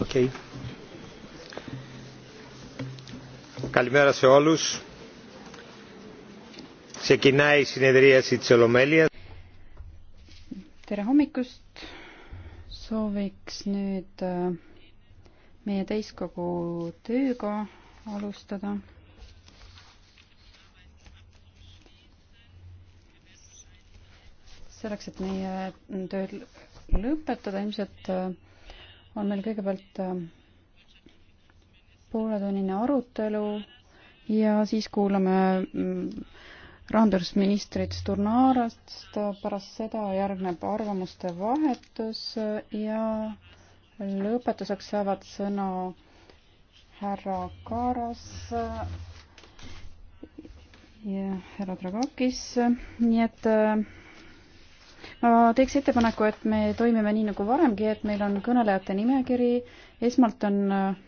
Okay. Καλημέρα σε όλους. Ξεκινάει η συνεδρίαση της Ολομέλειας. Tere hommikust! Sooviks nüüd äh, meie täiskogu tööga alustada. selleks, et meie tööd lõpetada, ilmselt äh, on meil kõigepealt äh, pooletunnine arutelu ja siis kuulame mm, rahandusministrit Sturnarast, pärast seda järgneb arvamuste vahetus ja lõpetuseks saavad sõna härra Kaaras ja härra Dragakis, nii et äh, ma teeks ettepaneku, et me toimime nii nagu varemgi, et meil on kõnelejate nimekiri, esmalt on äh,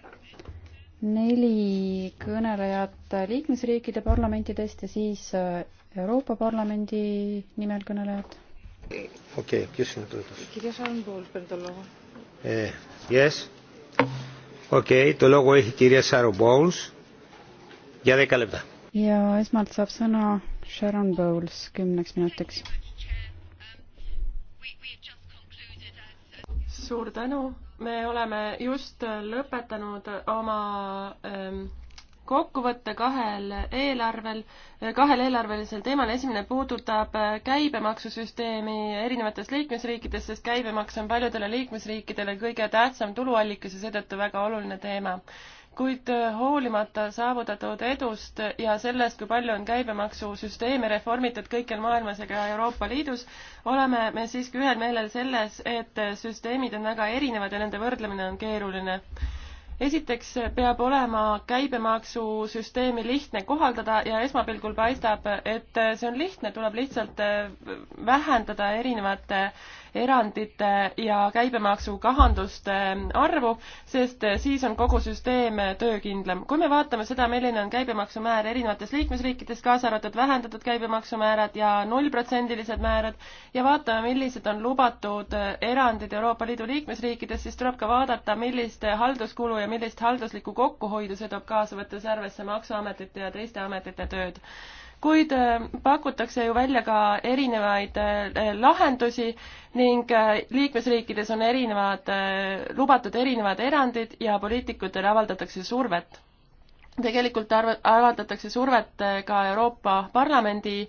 neli kõnelejat liikmesriikide parlamentidest ja siis äh, Euroopa Parlamendi nimel kõnelejad. okei okay,, kes nüüd ütles? kirjas on pool perdologu eh,. Yes, okei okay,, tologu ehk kirjas Aru Bowles ja Deka Lepta. ja esmalt saab sõna Sharon Bowles kümneks minutiks suur tänu, me oleme just lõpetanud oma ähm, kokkuvõtte kahel eelarvel, äh, kahel eelarvelisel teemal, esimene puudutab äh, käibemaksusüsteemi erinevates liikmesriikides, sest käibemaks on paljudele liikmesriikidele kõige tähtsam tuluallikas ja seetõttu väga oluline teema kuid äh, hoolimata saavutatud edust ja sellest, kui palju on käibemaksusüsteemi reformitud kõikjal maailmas ja ka Euroopa Liidus, oleme me siiski ühel meelel selles, et äh, süsteemid on väga erinevad ja nende võrdlemine on keeruline esiteks äh, peab olema käibemaksusüsteemi lihtne kohaldada ja esmapilgul paistab, et see on lihtne, tuleb lihtsalt vähendada erinevate erandite ja käibemaksu kahanduste arvu, sest siis on kogu süsteem töökindlam. kui me vaatame seda, milline on käibemaksumäär erinevates liikmesriikides, kaasa arvatud vähendatud käibemaksumäärad ja nullprotsendilised määrad, ja vaatame, millised on lubatud erandid Euroopa Liidu liikmesriikides, siis tuleb ka vaadata, millist halduskulu ja millist halduslikku kokkuhoidu see toob kaasa, võttes arvesse Maksuametit ja teiste ametite tööd kuid äh, pakutakse ju välja ka erinevaid äh, lahendusi ning äh, liikmesriikides on erinevad, lubatud erinevad erandid ja poliitikutele avaldatakse survet. tegelikult arv-, avaldatakse survet ka Euroopa Parlamendi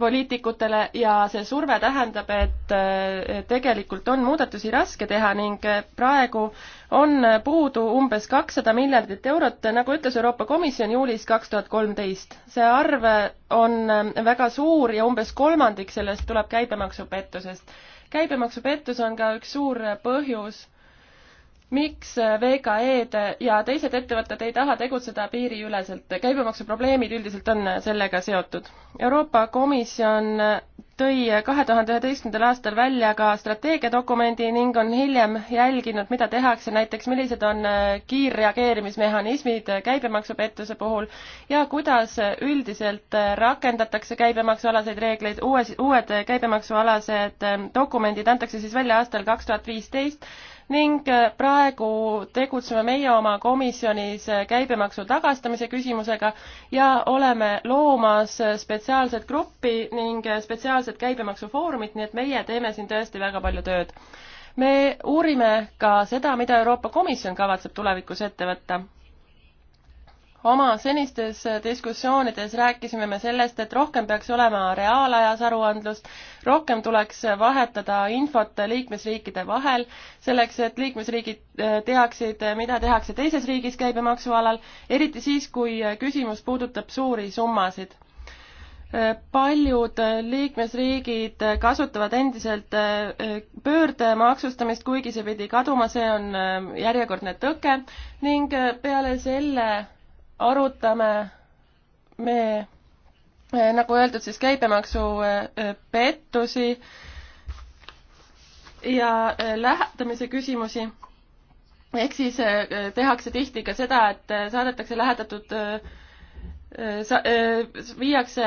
poliitikutele ja see surve tähendab, et tegelikult on muudatusi raske teha ning praegu on puudu umbes kakssada miljardit eurot, nagu ütles Euroopa Komisjon juulis kaks tuhat kolmteist. see arv on väga suur ja umbes kolmandik sellest tuleb käibemaksupettusest. käibemaksupettus on ka üks suur põhjus miks äh, VKE-d ja teised ettevõtted ei taha tegutseda piiriüleselt. käibemaksuprobleemid üldiselt on äh, sellega seotud. Euroopa Komisjon äh, tõi kahe tuhande üheteistkümnendal aastal välja ka strateegiadokumendi ning on hiljem jälginud, mida tehakse, näiteks millised on kiirreageerimismehhanismid käibemaksupettuse puhul ja kuidas üldiselt rakendatakse käibemaksualaseid reegleid, uues, uued käibemaksualased dokumendid antakse siis välja aastal kaks tuhat viisteist ning äh, praegu tegutseme meie oma komisjonis äh, käibemaksu tagastamise küsimusega ja oleme loomas äh, spetsiaalset gruppi ning spetsiaalset käibemaksufoorumit, nii et meie teeme siin tõesti väga palju tööd. me uurime ka seda, mida Euroopa Komisjon kavatseb tulevikus ette võtta oma senistes diskussioonides rääkisime me sellest, et rohkem peaks olema reaalajas aruandlust, rohkem tuleks vahetada infot liikmesriikide vahel, selleks et liikmesriigid äh, teaksid, mida tehakse teises riigis käibemaksu alal, eriti siis, kui küsimus puudutab suuri summasid. Äh, paljud liikmesriigid kasutavad endiselt äh, pöördmaksustamist, kuigi see pidi kaduma, see on järjekordne tõke ning peale selle arutame me eh, nagu öeldud, siis käibemaksupettusi eh, ja eh, lähetamise küsimusi. ehk siis tehakse tihti ka seda, et saadetakse lähetatud sa-, viiakse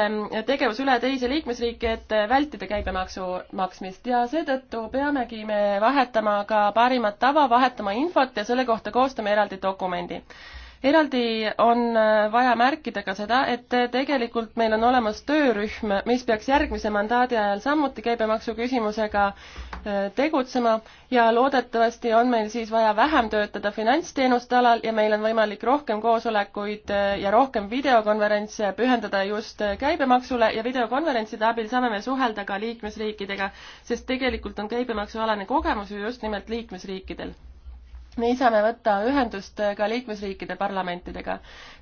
tegevus üle teise liikmesriiki, et vältida käibemaksu maksmist ja seetõttu peamegi me vahetama ka parimat tava, vahetama infot ja selle kohta koostame eraldi dokumendi eraldi on äh, vaja märkida ka seda, et äh, tegelikult meil on olemas töörühm, mis peaks järgmise mandaadi ajal samuti käibemaksu küsimusega äh, tegutsema ja loodetavasti on meil siis vaja vähem töötada finantsteenuste alal ja meil on võimalik rohkem koosolekuid ja rohkem videokonverentse pühendada just käibemaksule ja videokonverentside abil saame me suhelda ka liikmesriikidega, sest tegelikult on käibemaksualane kogemus ju just nimelt liikmesriikidel nii saame võtta ühendust ka liikmesriikide parlamentidega.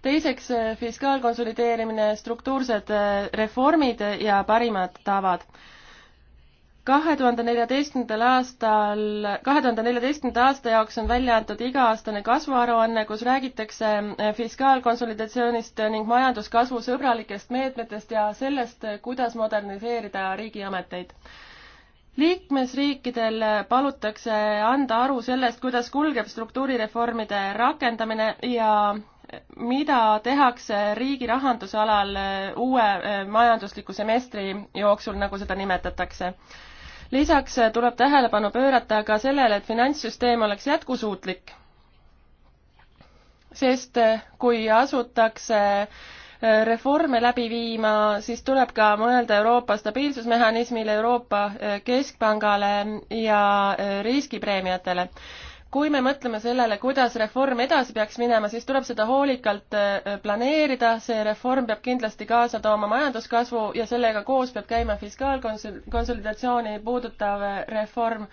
teiseks, eh, fiskaalkonsolideerimine, struktuursed eh, reformid ja parimad tavad. kahe tuhande neljateistkümnendal aastal, kahe tuhande neljateistkümnenda aasta jaoks on välja antud iga-aastane kasvuaruanne, kus räägitakse eh, fiskaalkonsolidatsioonist ning majanduskasvu sõbralikest meetmetest ja sellest, kuidas moderniseerida riigiameteid liikmesriikidel palutakse anda aru sellest, kuidas kulgeb struktuurireformide rakendamine ja mida tehakse riigi rahanduse alal uue eh, majandusliku semestri jooksul, nagu seda nimetatakse. lisaks tuleb tähelepanu pöörata ka sellele, et finantssüsteem oleks jätkusuutlik, sest kui asutakse äh, reforme läbi viima, siis tuleb ka mõelda Euroopa stabiilsusmehhanismile, Euroopa eh, Keskpangale ja eh, riskipreemiatele kui me mõtleme sellele, kuidas reform edasi peaks minema, siis tuleb seda hoolikalt eh, planeerida, see reform peab kindlasti kaasa tooma majanduskasvu ja sellega koos peab käima fiskaalkonsolidatsiooni puudutav reform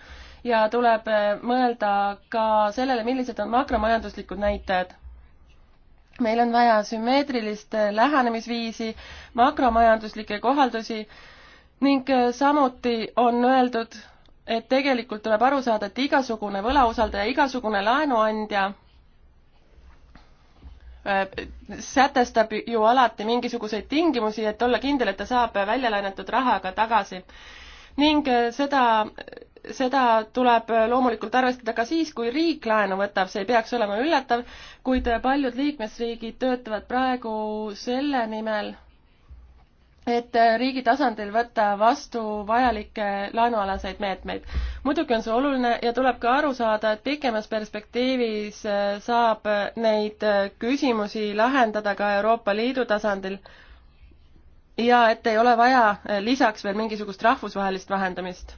ja tuleb mõelda ka sellele, millised on makromajanduslikud näitajad meil on vaja sümmeetrilist äh, lähenemisviisi, makromajanduslikke kohaldusi ning äh, samuti on öeldud, et tegelikult tuleb aru saada, et igasugune võlausaldaja, igasugune laenuandja äh, sätestab ju alati mingisuguseid tingimusi, et olla kindel, et ta saab väljalaenatud raha ka tagasi. ning seda seda tuleb loomulikult arvestada ka siis, kui riik laenu võtab, see ei peaks olema üllatav, kuid paljud liikmesriigid töötavad praegu selle nimel, et riigi tasandil võtta vastu vajalikke laenualaseid meetmeid. muidugi on see oluline ja tuleb ka aru saada, et pikemas perspektiivis äh, saab neid äh, küsimusi lahendada ka Euroopa Liidu tasandil ja et ei ole vaja äh, lisaks veel mingisugust rahvusvahelist vahendamist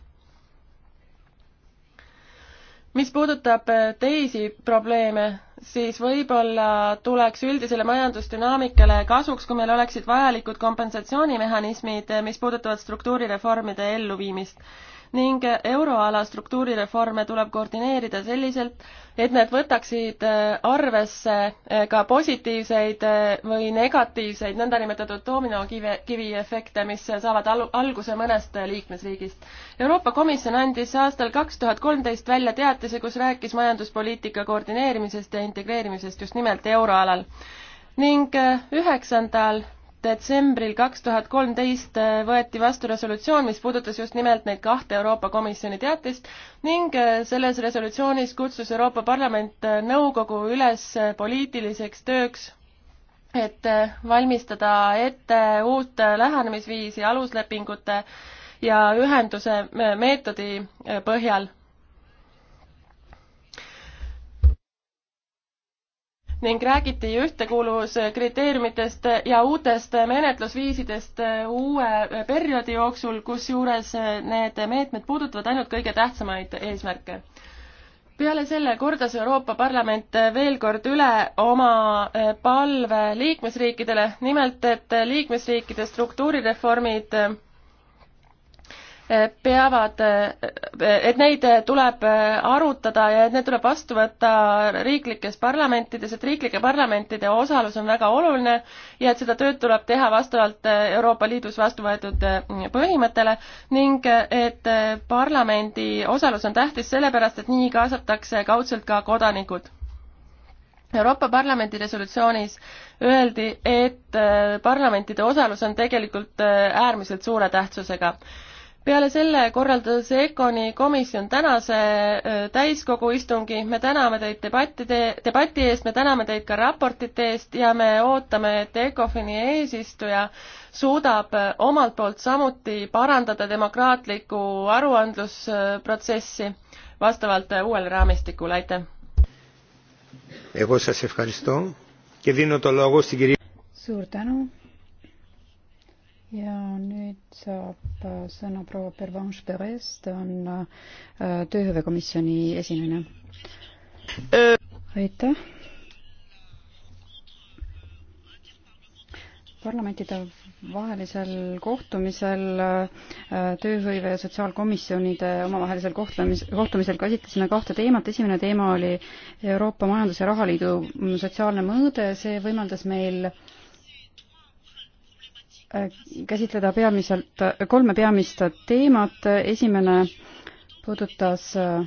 mis puudutab äh, teisi probleeme, siis võib-olla tuleks üldisele majandusdünaamikale kasuks, kui meil oleksid vajalikud kompensatsioonimehhanismid, äh, mis puudutavad struktuurireformide elluviimist ning euroala struktuurireforme tuleb koordineerida selliselt, et need võtaksid äh, arvesse äh, ka positiivseid äh, või negatiivseid nõndanimetatud dominokivi, kiviefekte, mis saavad al-, alguse mõnest liikmesriigist. Euroopa Komisjon andis aastal kaks tuhat kolmteist välja teatise, kus rääkis majanduspoliitika koordineerimisest ja integreerimisest just nimelt euroalal ning üheksandal detsembril kaks tuhat kolmteist äh, võeti vastu resolutsioon, mis puudutas just nimelt neid kahte Euroopa Komisjoni teatist ning äh, selles resolutsioonis kutsus Euroopa Parlament äh, nõukogu üles poliitiliseks tööks, et valmistada ette uut lähenemisviisi aluslepingute ja ühenduse meetodi põhjal ning räägiti ühtekuuluvuskriteeriumitest ja uutest menetlusviisidest uue perioodi jooksul, kusjuures need meetmed puudutavad ainult kõige tähtsamaid eesmärke peale selle kordas Euroopa Parlament veel kord üle oma palve liikmesriikidele, nimelt et liikmesriikide struktuurireformid peavad, et neid tuleb arutada ja et need tuleb vastu võtta riiklikes parlamentides, et riiklike parlamentide osalus on väga oluline ja et seda tööd tuleb teha vastavalt Euroopa Liidus vastu võetud põhimõttele ning et parlamendi osalus on tähtis sellepärast, et nii kaasatakse kaudselt ka kodanikud Euroopa Parlamendi resolutsioonis öeldi, et parlamentide osalus on tegelikult äärmiselt suure tähtsusega peale selle korraldas EKONi komisjon tänase täiskogu istungi, me täname teid debattide, debati eest, me täname teid ka raportite eest ja me ootame, et EKOFini eesistuja suudab omalt poolt samuti parandada demokraatlikku aruandlusprotsessi vastavalt uuele raamistikule, aitäh! suur tänu! ja nüüd saab äh, sõna proua Pervanche Perez, ta on äh, tööhõivekomisjoni esinaine. aitäh. parlamentide vahelisel kohtumisel, äh, tööhõive ja sotsiaalkomisjonide omavahelisel kohtlemis, kohtumisel käsitlesime kahte teemat. esimene teema oli Euroopa Majandus- ja Rahaliidu sotsiaalne mõõde, see võimaldas meil äh, Äh, käsitleda peamiselt äh, kolme peamist teemat. esimene puudutas äh,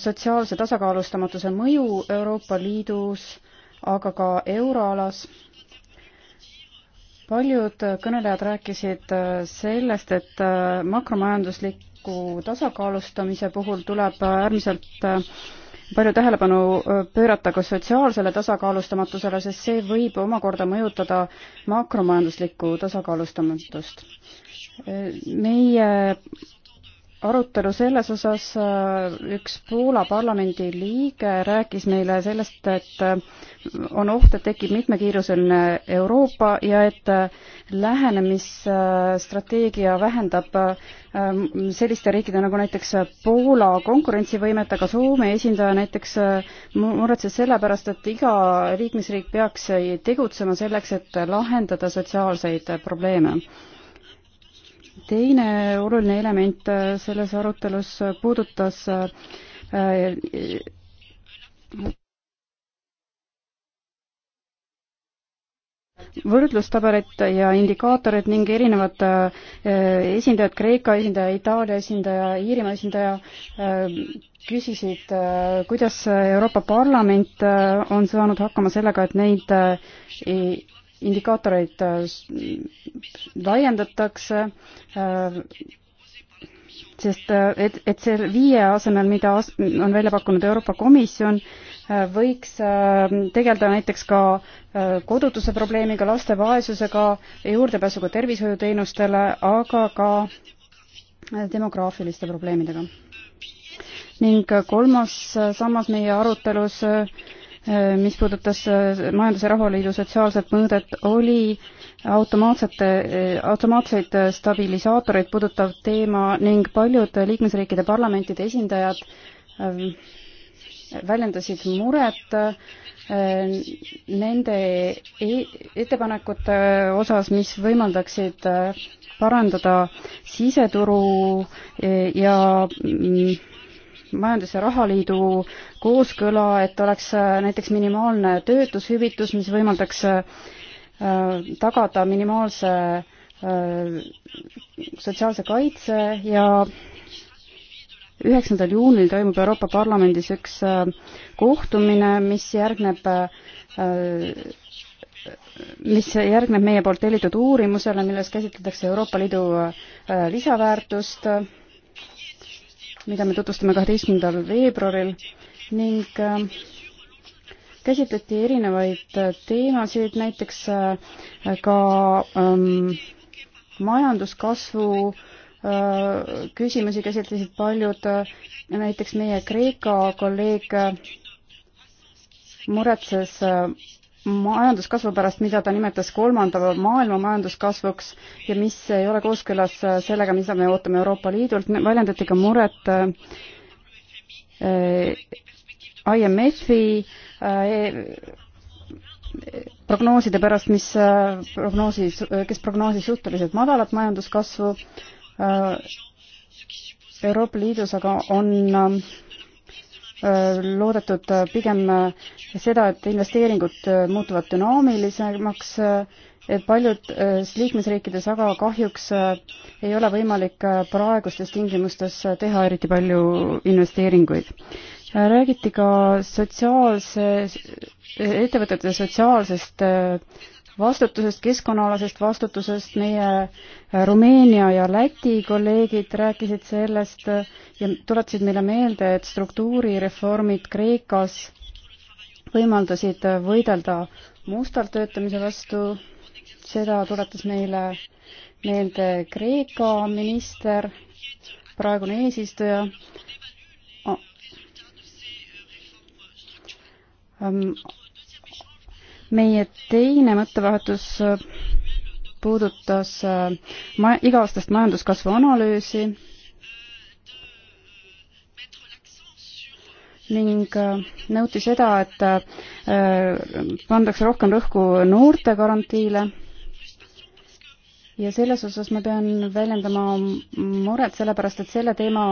sotsiaalse tasakaalustamatuse mõju Euroopa Liidus, aga ka euroalas. paljud kõnelejad rääkisid sellest, et makromajandusliku tasakaalustamise puhul tuleb äärmiselt palju tähelepanu pöörata ka sotsiaalsele tasakaalustamatusele, sest see võib omakorda mõjutada makromajanduslikku tasakaalustamatust. meie arutelu selles osas, äh, üks Poola parlamendi liige rääkis meile sellest, et äh, on oht, et tekib mitmekiiruseline Euroopa ja et äh, lähenemisstrateegia vähendab selliste riikide nagu näiteks Poola konkurentsivõimet, aga Soome esindaja näiteks muretses selle pärast, et iga liikmesriik peaks tegutsema selleks, et lahendada sotsiaalseid probleeme teine oluline element äh, selles arutelus puudutas äh, võrdlustabelit ja indikaatorid ning erinevad äh, esindajad, Kreeka esindaja, Itaalia esindaja, Iirimaa esindaja küsisid, kuidas Euroopa Parlament on saanud hakkama sellega, et neid indikaatoreid äh, laiendatakse, äh, sest äh, et, et see viie asemel, mida on välja pakkunud Euroopa Komisjon, võiks tegeleda näiteks ka kodutuse probleemiga, laste vaesusega, juurdepääsuga tervishoiuteenustele, aga ka demograafiliste probleemidega. ning kolmas sammas meie arutelus äh, Äh, mis puudutas äh, Majandus- ja Rahaliidu sotsiaalset mõõdet, oli automaatsete, äh, automaatseid stabilisaatoreid puudutav teema ning paljud liikmesriikide parlamentide esindajad väljendasid muret nende e-, ettepanekute osas, mis võimaldaksid parandada siseturu ja mm, majandus- ja rahaliidu kooskõla, et oleks äh, näiteks minimaalne töötushüvitus, mis võimaldaks äh, äh, tagada minimaalse sotsiaalse kaitse ja üheksandal juunil toimub Euroopa Parlamendis üks kohtumine, mis järgneb mis järgneb meie poolt tellitud uurimusele, milles käsitletakse Euroopa Liidu lisaväärtust mida me tutvustame kaheteistkümnendal veebruaril ning äh, käsitleti erinevaid äh, teemasid, näiteks äh, ka ähm, majanduskasvu äh, küsimusi käsitlesid paljud, näiteks meie Kreeka kolleeg muretses äh, majanduskasvu pärast, mida ta nimetas kolmanda maailma majanduskasvuks ja mis ei ole kooskõlas äh, sellega, mida me ootame Euroopa Liidult, väljendati ka muret äh, äh, IMF-i e, prognooside pärast, mis prognoosis, kes prognoosis suhteliselt madalat majanduskasvu Euroopa Liidus, aga on Äh, loodetud äh, pigem äh, seda, et investeeringud muutuvad dünaamilisemaks, et paljudes liikmesriikides aga kahjuks ei ole võimalik praegustes tingimustes teha eriti palju investeeringuid. räägiti ka sotsiaalse, ettevõtete sotsiaalsest vastutusest, keskkonnaalasest vastutusest, meie äh, Rumeenia ja Läti kolleegid rääkisid sellest äh, ja tuletasid meile meelde, et struktuurireformid Kreekas võimaldasid äh, võidelda mustalt töötamise vastu, seda tuletas meile meelde Kreeka minister, praegune eesistuja ähm, meie teine mõttevahetus äh, puudutas äh, ma-, iga-aastast majanduskasvu analüüsi ning äh, nõuti seda, et pandakse rohkem rõhku noorte garantiile ja selles osas ma pean väljendama muret, sellepärast et selle teema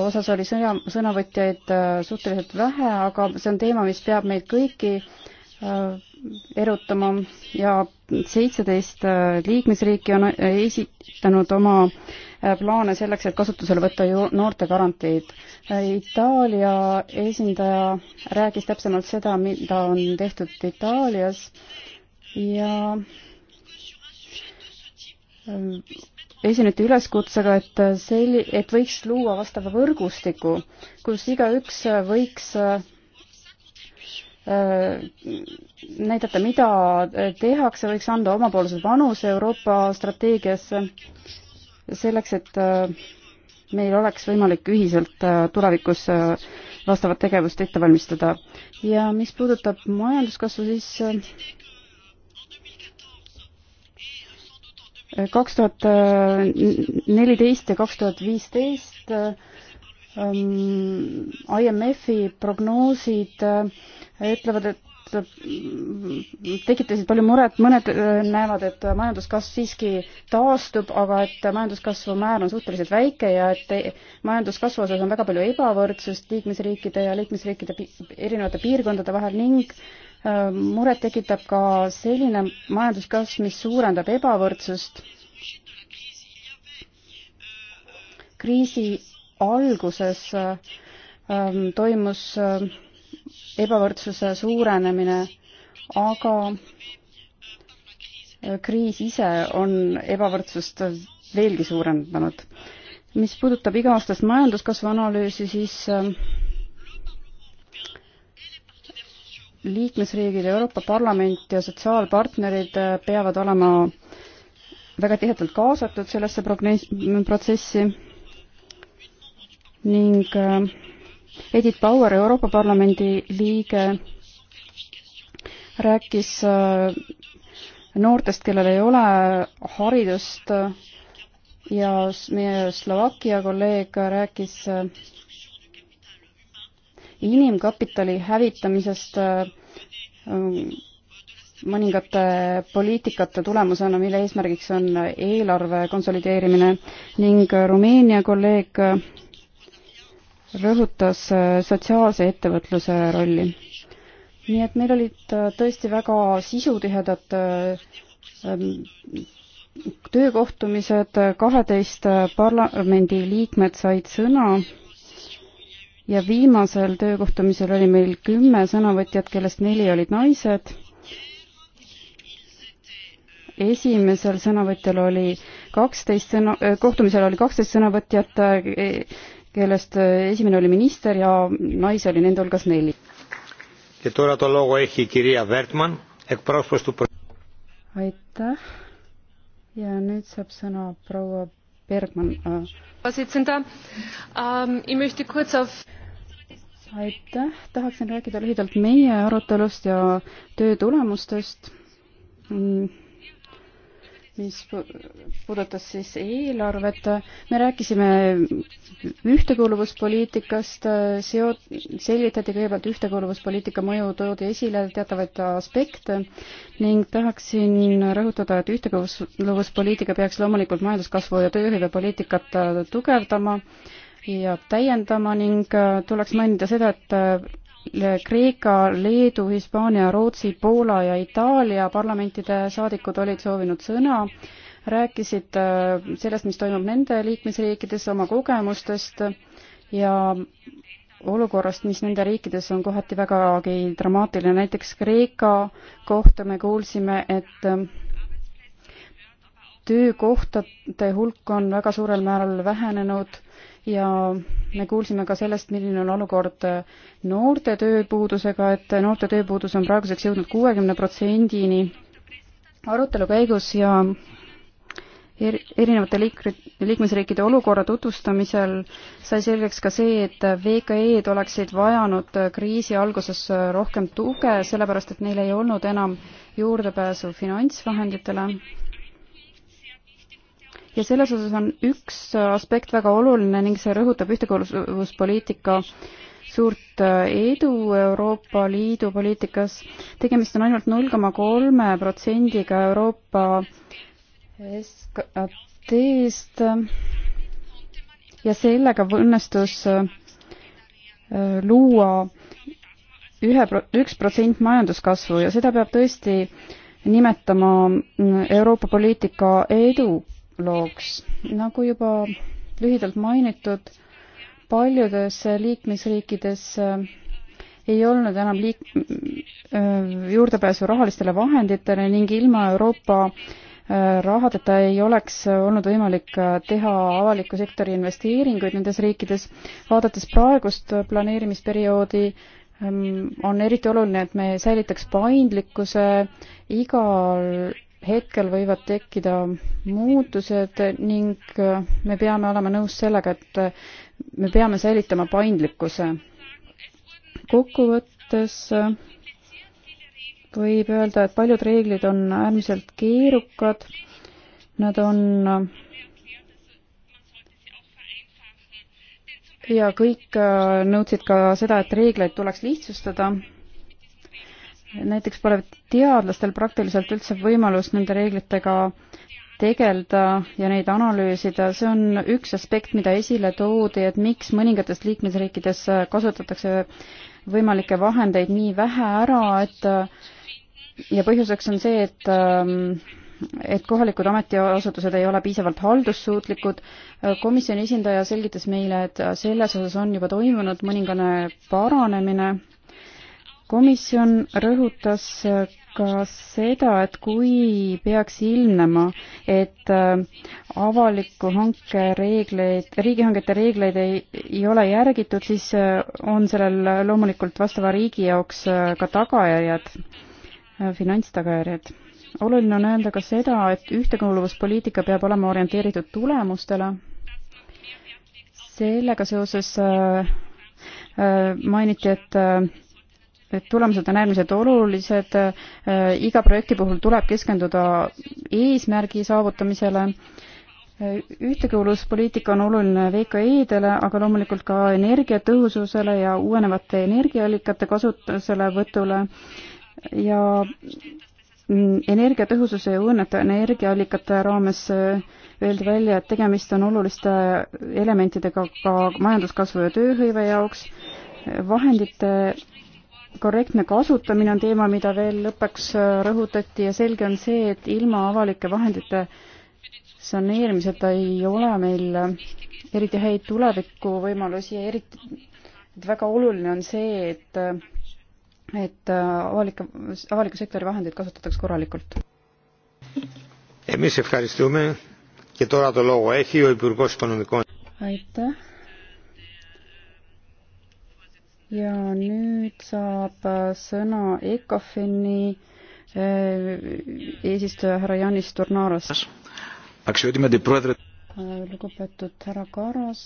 osas oli sõna, sõnavõtjaid suhteliselt vähe, aga see on teema, mis peab meid kõiki erutama ja seitseteist äh, liikmesriiki on äh, esitanud oma äh, plaane selleks, et kasutusele võtta noorte garantiid. Itaalia esindaja rääkis täpsemalt seda, mida on tehtud Itaalias ja esineti üleskutsega, et selli-, et võiks luua vastava võrgustiku, kus igaüks võiks Äh, näidata, mida tehakse, võiks anda omapoolse panuse Euroopa strateegiasse selleks, et äh, meil oleks võimalik ühiselt äh, tulevikus vastavat tegevust ette valmistada. ja mis puudutab majanduskasvu, siis kaks tuhat neliteist ja kaks tuhat viisteist ähm, IMF-i prognoosid äh, ütlevad, et tekitasid palju muret, mõned äh, näevad, et majanduskasv siiski taastub, aga et majanduskasvu määr on suhteliselt väike ja et majanduskasvu osas on väga palju ebavõrdsust liikmesriikide ja liikmesriikide erinevate piirkondade vahel ning äh, muret tekitab ka selline majanduskasv, mis suurendab ebavõrdsust. kriisi alguses äh, toimus ebavõrdsuse suurenemine, aga kriis ise on ebavõrdsust veelgi suurendanud. mis puudutab iga-aastast majanduskasvu analüüsi, siis äh, liikmesriigid, Euroopa Parlament ja sotsiaalpartnerid äh, peavad olema väga tihedalt kaasatud sellesse protsessi ning äh, Edith Bauer, Euroopa Parlamendi liige, rääkis äh, noortest, kellel ei ole haridust äh, ja meie Slovakkia kolleeg rääkis äh, inimkapitali hävitamisest mõningate poliitikate tulemusena, mille eesmärgiks on eelarve konsolideerimine ning Rumeenia kolleeg rõhutas äh, sotsiaalse ettevõtluse rolli. nii et meil olid äh, tõesti väga sisutihedad äh, ähm, töökohtumised, kaheteist parlamendiliikmed said sõna ja viimasel töökohtumisel oli meil kümme sõnavõtjat, kellest neli olid naised. esimesel sõnavõtjal oli kaksteist sõna, kohtumisel oli kaksteist sõnavõtjat, kellest äh, esimene oli minister ja naisi oli nende hulgas neli. aitäh ja nüüd saab sõna proua Bergmann. Äh. Ähm, aitäh, tahaksin rääkida lühidalt meie arutelust ja töö tulemustest mm, mis puudutas siis eelarvet, me rääkisime ühtekuuluvuspoliitikast, seot-, selgitati kõigepealt ühtekuuluvuspoliitika mõju, toodi esile teatavaid aspekte ning tahaksin rõhutada, et ühtekuuluvuspoliitika peaks loomulikult majanduskasvu ja tööhõive poliitikat tugevdama ja täiendama ning tuleks mainida seda, et Kreeka, Leedu, Hispaania, Rootsi, Poola ja Itaalia parlamentide saadikud olid soovinud sõna, rääkisid äh, sellest, mis toimub nende liikmesriikides, oma kogemustest ja olukorrast, mis nende riikides on kohati vägagi dramaatiline. näiteks Kreeka kohta me kuulsime, et äh, töökohtade hulk on väga suurel määral vähenenud ja me kuulsime ka sellest, milline on olukord noorte tööpuudusega, et noorte tööpuudus on praeguseks jõudnud kuuekümne protsendini arutelu käigus ja er, erinevate liikri, liikmesriikide olukorra tutvustamisel sai selgeks ka see, et VKE-d oleksid vajanud kriisi alguses rohkem tuge, sellepärast et neil ei olnud enam juurdepääsu finantsvahenditele ja selles osas on üks aspekt väga oluline ning see rõhutab ühtekuuluvuspoliitika suurt äh, edu Euroopa Liidu poliitikas. tegemist on ainult null koma kolme protsendiga Euroopa SKT-st ja sellega õnnestus äh, luua ühe, üks protsent majanduskasvu ja seda peab tõesti nimetama mm, Euroopa poliitika edu, looks. nagu juba lühidalt mainitud, paljudes liikmesriikides äh, ei olnud enam liik-, äh, juurdepääsu rahalistele vahenditele ning ilma Euroopa äh, rahadeta ei oleks olnud võimalik teha avaliku sektori investeeringuid nendes riikides. vaadates praegust planeerimisperioodi, ähm, on eriti oluline, et me säilitaks paindlikkuse igal hetkel võivad tekkida muutused ning äh, me peame olema nõus sellega, et äh, me peame säilitama paindlikkuse. kokkuvõttes äh, võib öelda, et paljud reeglid on äärmiselt keerukad, nad on ja kõik nõudsid ka seda, et reegleid tuleks lihtsustada näiteks pole teadlastel praktiliselt üldse võimalust nende reeglitega tegeleda ja neid analüüsida, see on üks aspekt, mida esile toodi, et miks mõningates liikmesriikides kasutatakse võimalikke vahendeid nii vähe ära, et ja põhjuseks on see, et et kohalikud ametiasutused ei ole piisavalt haldussuutlikud. komisjoni esindaja selgitas meile, et selles osas on juba toimunud mõningane paranemine komisjon rõhutas ka seda, et kui peaks ilmnema, et äh, avaliku hanke reegleid, riigihangete reegleid ei, ei ole järgitud, siis äh, on sellel loomulikult vastava riigi jaoks äh, ka tagajärjed, finantstagajärjed. oluline on öelda ka seda, et ühtekuuluvuspoliitika peab olema orienteeritud tulemustele, sellega seoses mainiti, et et tulemused on äärmiselt olulised, äh, iga projekti puhul tuleb keskenduda eesmärgi saavutamisele, äh, ühtekuuluvuspoliitika on oluline VKI-dele, aga loomulikult ka energiatõhususele ja uuenevate energiaallikate kasutuselevõtule ja mm, energiatõhususe ja uuenevate energiaallikate raames äh, öeldi välja, et tegemist on oluliste elementidega ka majanduskasvu ja tööhõive jaoks, vahendite korrektne kasutamine on teema, mida veel lõpuks äh, rõhutati ja selge on see, et ilma avalike vahendite saneerimiseta ei ole meil äh, eriti häid tulevikuvõimalusi ja eriti, et väga oluline on see, et, äh, et avalike, avaliku sektori vahendeid kasutataks korralikult. aitäh ja nüüd saab äh, sõna ECOFIN-i äh, eesistuja härra Janis Turnaras. Äh, lugupeetud härra Karas,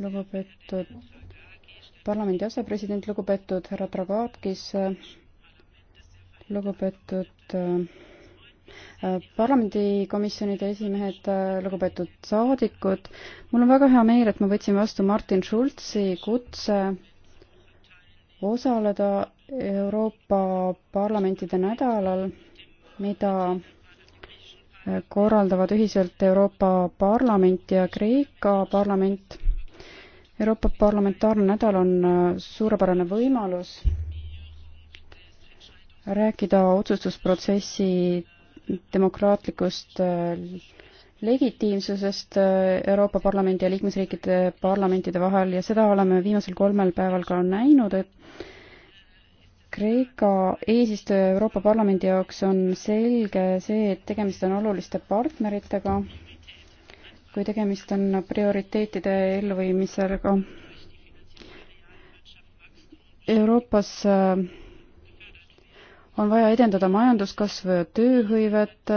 lugupeetud parlamendi asepresident, lugupeetud härra Dragatkis, lugupeetud parlamendikomisjonide esimehed, lugupeetud saadikud, mul on väga hea meel, et ma võtsin vastu Martin Schulzi kutse osaleda Euroopa Parlamentide nädalal, mida korraldavad ühiselt Euroopa Parlament ja Kreeka parlament. Euroopa parlamentaarne nädal on äh, suurepärane võimalus rääkida otsustusprotsessi demokraatlikust äh, legitiimsusest äh, Euroopa Parlamendi ja liikmesriikide parlamentide vahel ja seda oleme viimasel kolmel päeval ka näinud, et Kreeka eesistuja Euroopa Parlamendi jaoks on selge see, et tegemist on oluliste partneritega, kui tegemist on prioriteetide elluviimisega. Euroopas äh, on vaja edendada majanduskasvu ja tööhõivet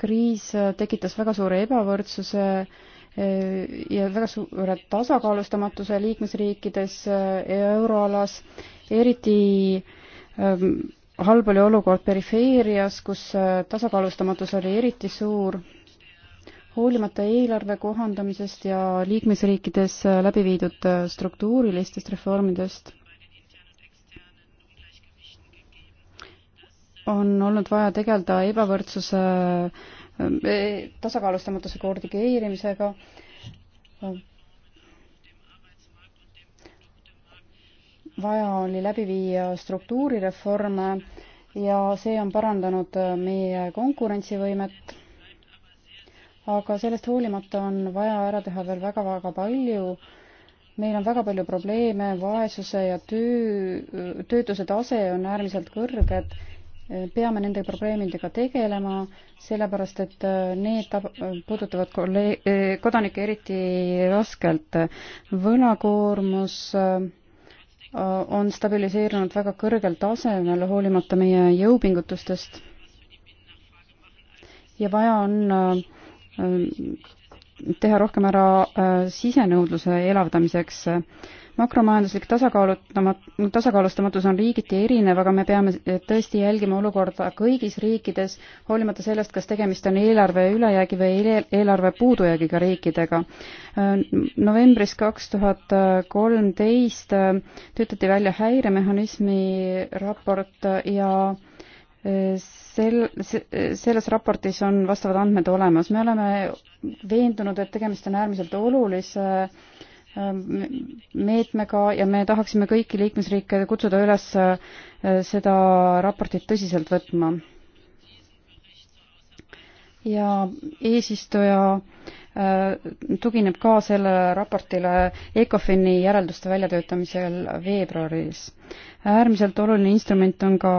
kriis äh, tekitas väga suure ebavõrdsuse äh, ja väga suure tasakaalustamatuse liikmesriikides äh, euroalas, eriti ähm, halb oli olukord perifeerias, kus tasakaalustamatus oli eriti suur. hoolimata eelarve kohandamisest ja liikmesriikides läbi viidud struktuurilistest reformidest on olnud vaja tegeleda ebavõrdsuse e, tasakaalustamatuse koordineerimisega. vaja oli läbi viia struktuurireforme ja see on parandanud meie konkurentsivõimet. aga sellest hoolimata on vaja ära teha veel väga-väga palju meil on väga palju probleeme, vaesuse ja töö, töötuse tase on äärmiselt kõrged peame nende probleemidega tegelema, sellepärast et äh, need puudutavad kolleeg-, äh, kodanikke eriti raskelt. võlakoormus äh, on stabiliseerunud väga kõrgel tasemel, hoolimata meie jõupingutustest ja vaja on teha rohkem ära äh, sisenõudluse elavdamiseks. makromajanduslik tasakaalutamat-, tasakaalustamatus on riigiti erinev, aga me peame äh, tõesti jälgima olukorda kõigis riikides, hoolimata sellest, kas tegemist on eelarve ülejäägi või eelarve puudujäägiga riikidega. Äh, novembris kaks tuhat kolmteist töötati välja häiremehhanismi raport ja sel-, selles raportis on vastavad andmed olemas. me oleme veendunud, et tegemist on äärmiselt olulise äh, meetmega ja me tahaksime kõiki liikmesriike kutsuda üles äh, seda raportit tõsiselt võtma. ja eesistuja äh, tugineb ka sellele raportile ECOFIN-i järelduste väljatöötamisel veebruaris. äärmiselt oluline instrument on ka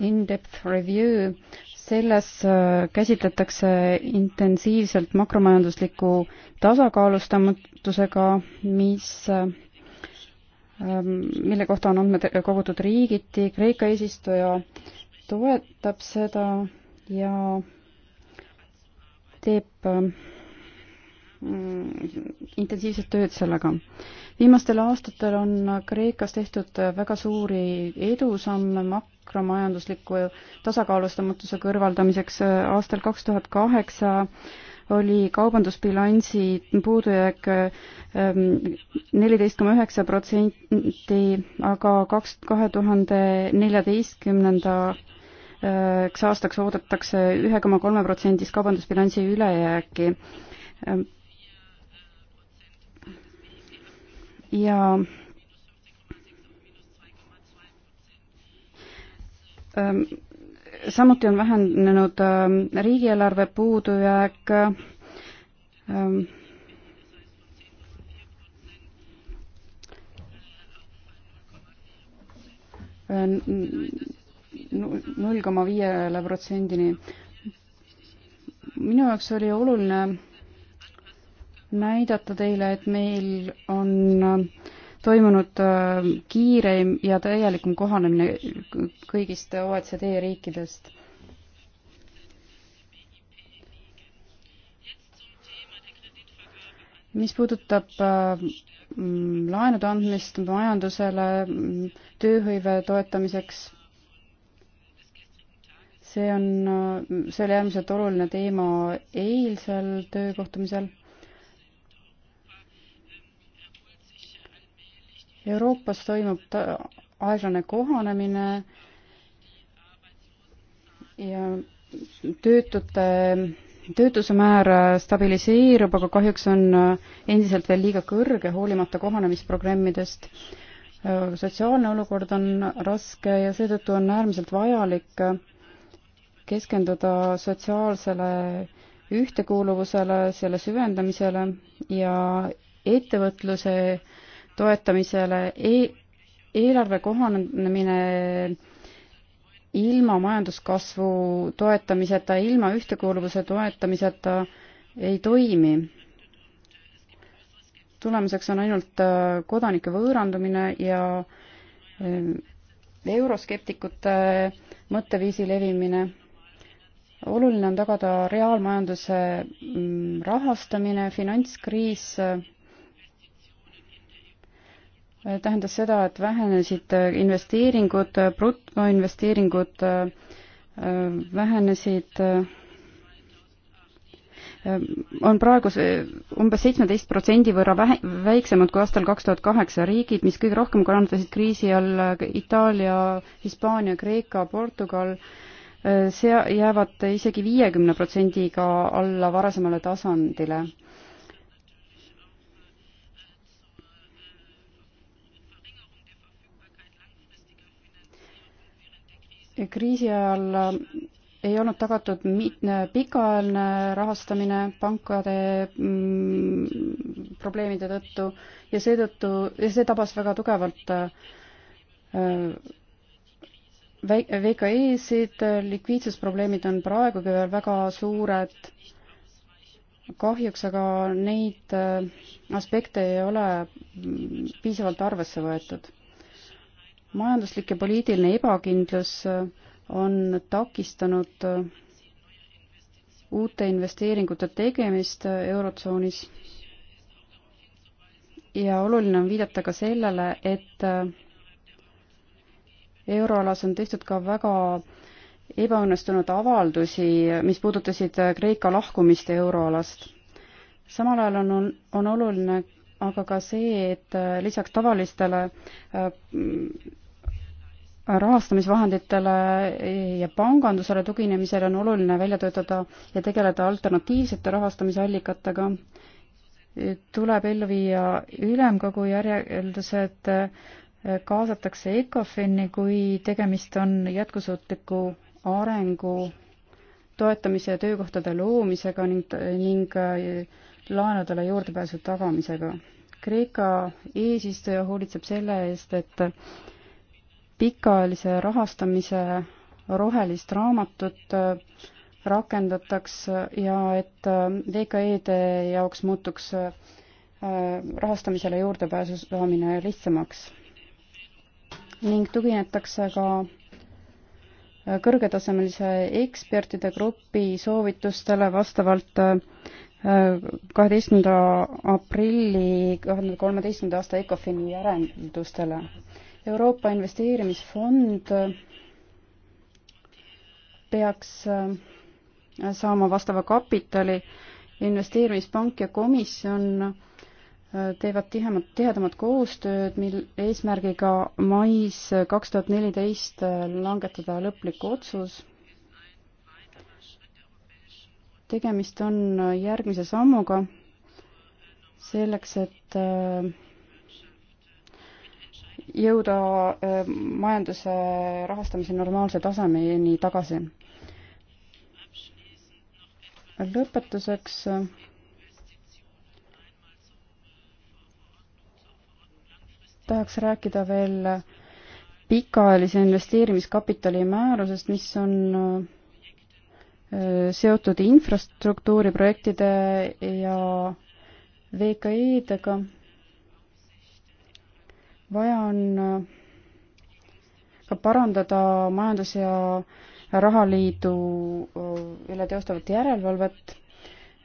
In-depth review, selles äh, käsitletakse intensiivselt makromajandusliku tasakaalustamatusega, mis, äh, ähm, mille kohta on andmed kogutud riigiti, Kreeka eesistuja toetab seda ja teeb äh, mm, intensiivset tööd sellega. viimastel aastatel on Kreekas tehtud väga suuri edusamme mak-, makromajandusliku tasakaalustamatuse kõrvaldamiseks. aastal kaks tuhat kaheksa oli kaubandusbilansi puudujääk ähm, neliteist koma üheksa protsenti, aga kaks, kahe tuhande neljateistkümnenda eks äh, aastaks oodatakse ühe koma kolme protsendist kaubandusbilansi ülejääki. Ähm, ja samuti on vähenenud riigieelarve puudujääk null koma viiele protsendini. minu jaoks oli oluline näidata teile, et meil on äh, toimunud äh, kiireim ja täielikum kohanemine kõigist OECD riikidest. mis puudutab äh, mm, laenude andmist majandusele, mm, tööhõive toetamiseks, see on, äh, see oli äärmiselt oluline teema eilsel töökohtumisel Euroopas toimub ta-, aeglane kohanemine ja töötute, töötuse määr stabiliseerub, aga kahjuks on endiselt veel liiga kõrge, hoolimata kohanemisprogrammidest. sotsiaalne olukord on raske ja seetõttu on äärmiselt vajalik keskenduda sotsiaalsele ühtekuuluvusele, selle süvendamisele ja ettevõtluse äh, toetamisele e, eelarve kohanemine ilma majanduskasvu toetamiseta, ilma ühtekuuluvuse toetamiseta ei toimi. tulemuseks on ainult äh, kodanike võõrandumine ja äh, euroskeptikute mõtteviisi levimine. oluline on tagada reaalmajanduse mm, rahastamine, finantskriis äh, tähendas seda, et vähenesid investeeringud, brutoinvesteeringud vähenesid, on praegu umbes seitsmeteist protsendi võrra vähe, väiksemad kui aastal kaks tuhat kaheksa. riigid, mis kõige rohkem kannatasid kriisi all, Itaalia, Hispaania, Kreeka, Portugal, sea-, jäävad isegi viiekümne protsendiga alla varasemale tasandile kriisi ajal äh, ei olnud tagatud äh, pikaajaline rahastamine pankade mm, probleemide tõttu ja seetõttu, ja see tabas väga tugevalt äh, VKE-sid, likviidsusprobleemid on praegugi veel väga suured. kahjuks aga neid aspekte ei ole mm, piisavalt arvesse võetud majanduslik ja poliitiline ebakindlus äh, on takistanud äh, uute investeeringute tegemist äh, Eurotsoonis ja oluline on viidata ka sellele, et euroalas on tehtud ka väga ebaõnnestunud avaldusi, mis puudutasid Kreeka lahkumist euroalast. samal ajal on, on oluline aga ka see, et lisaks tavalistele rahastamisvahenditele ja pangandusele tuginemisel on oluline välja töötada ja tegeleda alternatiivsete rahastamisallikatega. tuleb ellu viia ülemkogu järjeldused, kaasatakse ECOFIN-i, kui tegemist on jätkusuutliku arengu toetamise ja töökohtade loomisega ning, ning laenudele juurdepääsu tagamisega. Kreeka eesistuja hoolitseb selle eest, et pikaajalise rahastamise rohelist raamatut äh, rakendataks äh, ja et äh, VKE-de jaoks muutuks rahastamisele juurdepääsu saamine lihtsamaks. ning tuginetakse ka kõrgetasemelise ekspertide grupi soovitustele vastavalt kaheteistkümnenda aprilli kahe tuhande kolmeteistkümnenda aasta ECOFIN-i järeldustele. Euroopa Investeerimisfond äh, peaks äh, saama vastava kapitali. investeerimispank ja komisjon äh, teevad tihemat, tihedamat koostööd, mil eesmärgiga mais kaks tuhat neliteist langetada lõplik otsus. tegemist on järgmise sammuga selleks, et jõuda majanduse rahastamise normaalse tasemeni tagasi. lõpetuseks tahaks rääkida veel pikaajalise investeerimiskapitali määrusest, mis on seotud infrastruktuuriprojektide ja VKI-dega vaja on äh, ka parandada majandus- ja rahaliidu äh, üle teostavat järelevalvet.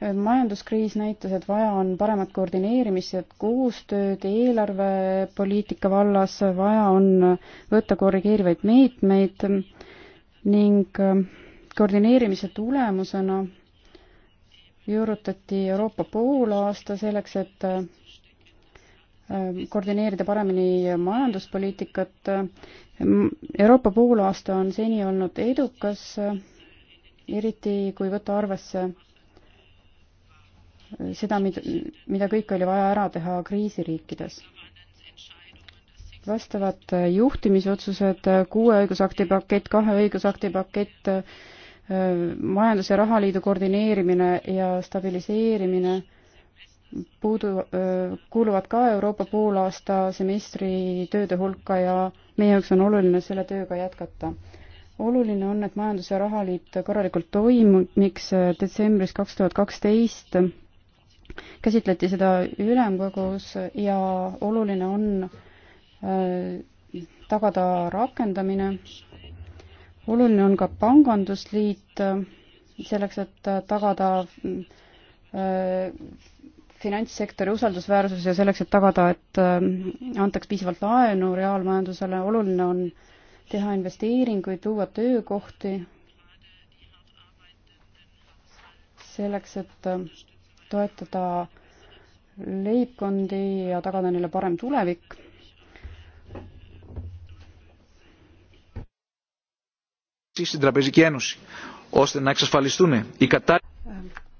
Äh, majanduskriis näitas, et vaja on paremat koordineerimist ja koostööd eelarvepoliitika vallas, vaja on võtta korrigeerivaid meetmeid ning koordineerimise tulemusena juurutati Euroopa poolaasta selleks, et Äh, koordineerida paremini majanduspoliitikat. Euroopa poolaasta on seni olnud edukas, eriti kui võtta arvesse seda, mida, mida kõike oli vaja ära teha kriisiriikides. vastavad juhtimisotsused, kuue õigusakti pakett, kahe õigusakti pakett, äh, majandus- ja rahaliidu koordineerimine ja stabiliseerimine puudu, kuuluvad ka Euroopa poolaasta semestri tööde hulka ja meie jaoks on oluline selle tööga jätkata. oluline on, et Majandus- ja Rahaliit korralikult toimiks detsembris kaks tuhat kaksteist käsitleti seda ülemkogus ja oluline on tagada rakendamine. oluline on ka pangandusliit selleks, et tagada finantssektori usaldusväärsus ja selleks, et tagada, et ähm, antaks piisavalt laenu reaalmajandusele, oluline on teha investeeringuid, luua töökohti, selleks, et ähm, toetada leibkondi ja tagada neile parem tulevik.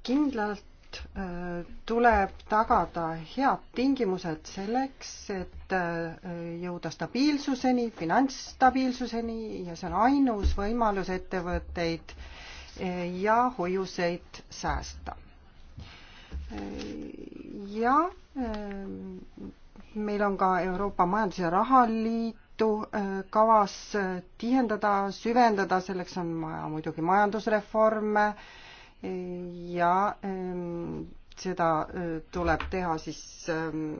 Kindlalt poolt äh, tuleb tagada head tingimused selleks, et äh, jõuda stabiilsuseni, finantsstabiilsuseni ja see on ainus võimalus ettevõtteid äh, ja hoiuseid säästa. ja meil on ka Euroopa Majandus- ja Rahaliit, Liitu kavas tihendada, süvendada, selleks on vaja muidugi majandusreforme, ja ehm, seda äh, tuleb teha siis ehm,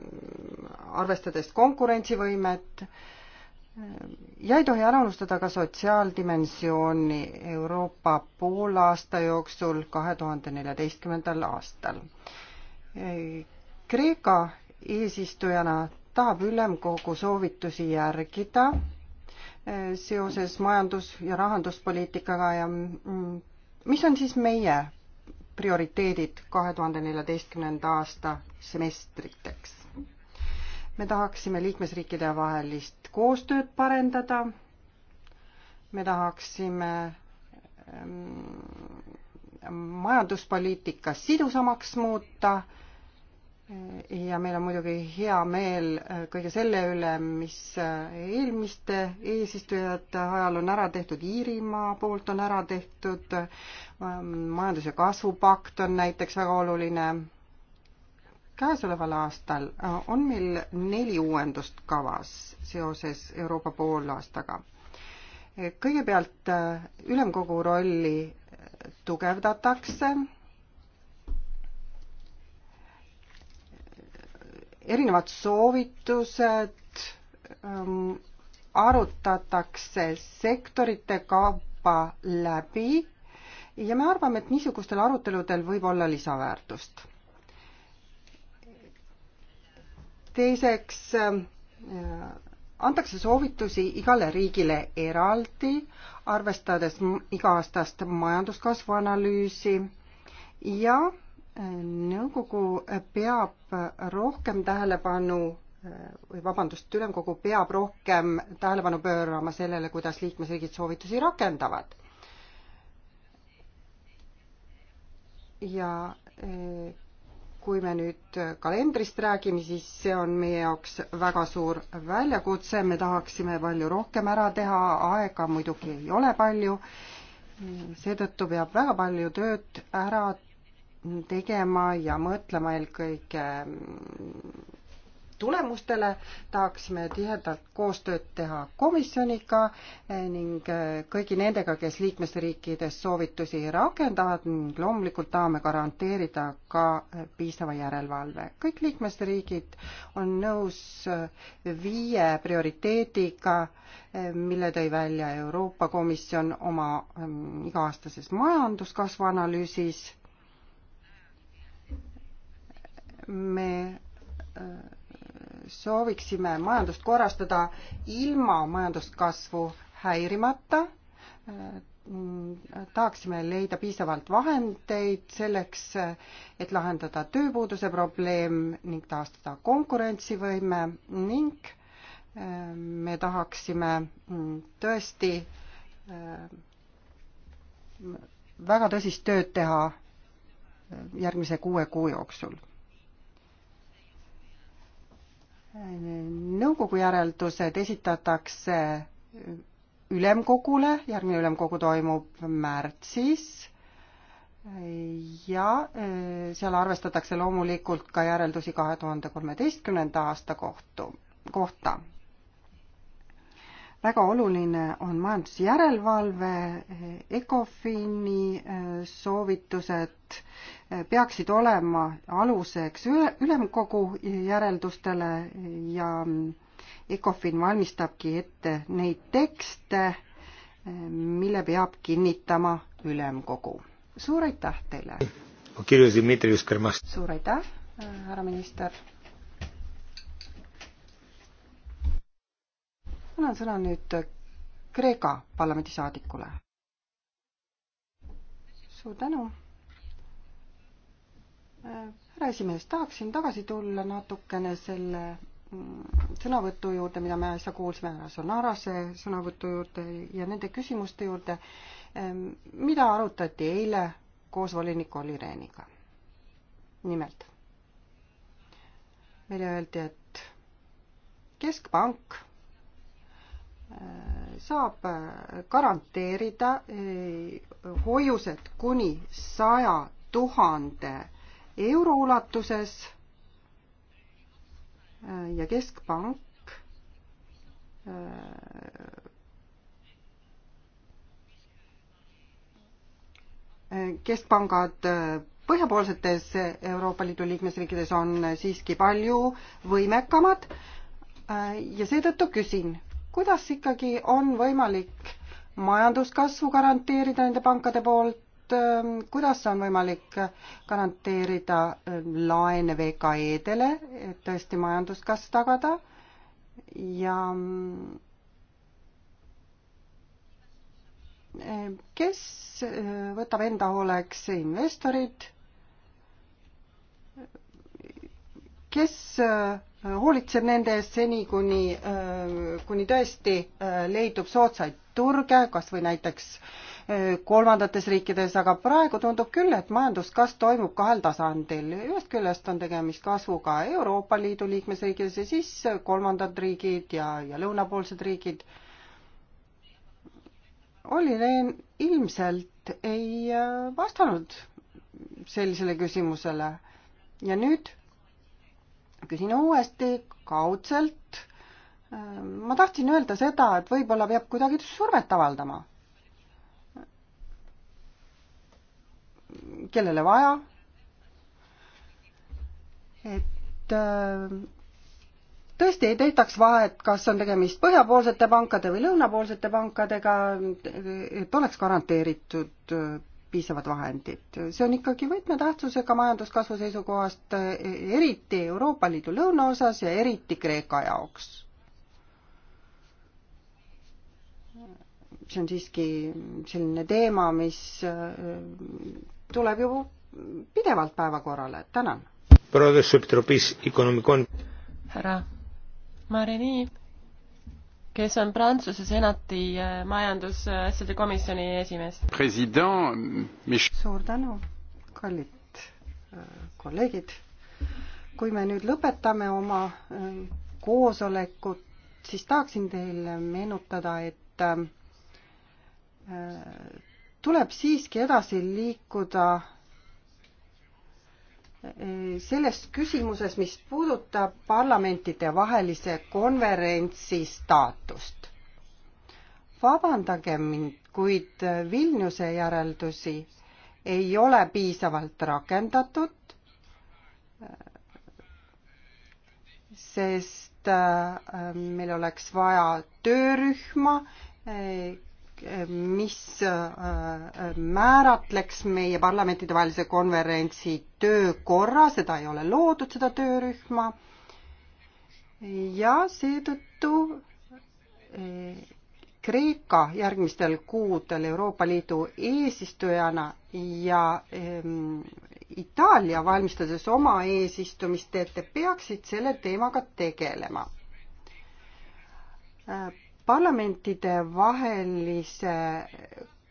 arvestades konkurentsivõimet ehm, ja ei tohi ära unustada ka sotsiaaldimensiooni Euroopa poolaasta jooksul kahe tuhande neljateistkümnendal aastal. Kreeka eesistujana tahab ülemkogu soovitusi järgida seoses majandus- ja rahanduspoliitikaga ja mm, mis on siis meie prioriteedid kahe tuhande neljateistkümnenda aasta semestriteks. me tahaksime liikmesriikide vahelist koostööd parendada, me tahaksime ähm, majanduspoliitika sidusamaks muuta ja meil on muidugi hea meel äh, kõige selle üle, mis äh, eelmiste eesistujate ajal on ära tehtud, Iirimaa poolt on ära tehtud, majandus- ja kasvupakt on näiteks väga oluline. käesoleval aastal äh, on meil neli uuendust kavas seoses Euroopa poolaastaga. kõigepealt ülemkogu rolli tugevdatakse erinevad soovitused ähm, arutatakse sektorite kaupa läbi ja me arvame, et niisugustel aruteludel võib olla lisaväärtust. teiseks ähm, äh, antakse soovitusi igale riigile eraldi, arvestades iga-aastast majanduskasvu analüüsi ja nõukogu peab rohkem tähelepanu või vabandust, ülemkogu peab rohkem tähelepanu pöörama sellele, kuidas liikmesriigid soovitusi rakendavad. ja eh, kui me nüüd kalendrist räägime, siis see on meie jaoks väga suur väljakutse, me tahaksime palju rohkem ära teha, aega muidugi ei ole palju, seetõttu peab väga palju tööd ära tegema ja mõtlema eelkõige mm, tulemustele, tahaksime tihedalt koostööd teha komisjoniga eh, ning eh, kõigi nendega, kes liikmesriikides soovitusi rakendavad ning loomulikult tahame garanteerida ka eh, piisava järelevalve. kõik liikmesriigid on nõus viie prioriteediga, mille tõi välja Euroopa Komisjon oma mm, iga-aastases majanduskasvu analüüsis me äh, sooviksime majandust korrastada ilma majanduskasvu häirimata. Äh, tahaksime leida piisavalt vahendeid selleks, et lahendada tööpuuduse probleem ning taastada konkurentsivõime ning äh, me tahaksime mm, tõesti väga tõsist tööd teha järgmise kuue kuu jooksul nõukogu järeldused esitatakse ülemkogule, järgmine ülemkogu toimub märtsis ja e, seal arvestatakse loomulikult ka järeldusi kahe tuhande kolmeteistkümnenda aasta kohtu, kohta väga oluline on majandusjärelevalve, ECOFIN-i äh, soovitused äh, peaksid olema aluseks üle, ülemkogu järeldustele ja mm, ECOFIN valmistabki ette neid tekste, äh, mille peab kinnitama ülemkogu. suur aitäh teile! suur aitäh, härra minister! annan sõna nüüd Kreeka parlamendisaadikule. suur tänu. härra esimees, tahaksin tagasi tulla natukene selle mm, sõnavõtu juurde, mida me äsja kuulsime, härra Sonarase sõnavõtu juurde ja nende küsimuste juurde, mida arutati eile koos volinik Olli Rehniga. nimelt, meile öeldi, et keskpank saab äh, garanteerida äh, hoiused kuni saja tuhande euro ulatuses äh, ja keskpank keskpangad põhjapoolsetes Euroopa Liidu liikmesriikides on siiski palju võimekamad ja seetõttu küsin, kuidas ikkagi on võimalik majanduskasvu garanteerida nende pankade poolt, ähm, kuidas on võimalik garanteerida ähm, laene VKE-dele, et tõesti majanduskasv tagada ja ähm, kes äh, võtab enda hooleks investorid, kes äh, Äh, hoolitseb nende eest seni, kuni, äh, kuni tõesti äh, leidub soodsaid turge, kas või näiteks kolmandates riikides, aga praegu tundub küll, et majanduskasv toimub kahel tasandil. ühest küljest on tegemist kasvuga Euroopa Liidu liikmesriikides ja siis kolmandad riigid ja, ja lõunapoolsed riigid. Olli Rehn ilmselt ei vastanud sellisele küsimusele ja nüüd küsin uuesti kaudselt. ma tahtsin öelda seda, et võib-olla peab kuidagi survet avaldama. kellele vaja? et äh, tõesti ei tehtaks vahet, kas on tegemist põhjapoolsete pankade või lõunapoolsete pankadega, et oleks garanteeritud äh, piisavad vahendid. see on ikkagi võtmetähtsusega majanduskasvu seisukohast, e, eriti Euroopa Liidu lõunaosas ja eriti Kreeka jaoks. see on siiski selline teema, mis e, tuleb ju pidevalt päevakorrale, tänan. härra Marini kes on Prantsuse senati äh, majandusasjade komisjoni esimees. suur tänu, kallid äh, kolleegid. kui me nüüd lõpetame oma äh, koosolekut, siis tahaksin teile meenutada, et tuleb siiski edasi liikuda selles küsimuses, mis puudutab parlamentidevahelise konverentsi staatust. vabandage mind, kuid Vilniuse järeldusi ei ole piisavalt rakendatud, sest äh, meil oleks vaja töörühma, mis äh, äh, määratleks meie parlamentidevahelise konverentsi töökorra, seda ei ole loodud, seda töörühma. ja seetõttu äh, Kreeka järgmistel kuudel Euroopa Liidu eesistujana ja ähm, Itaalia valmistades oma eesistumist ette, peaksid selle teemaga tegelema äh, parlamentide vahelise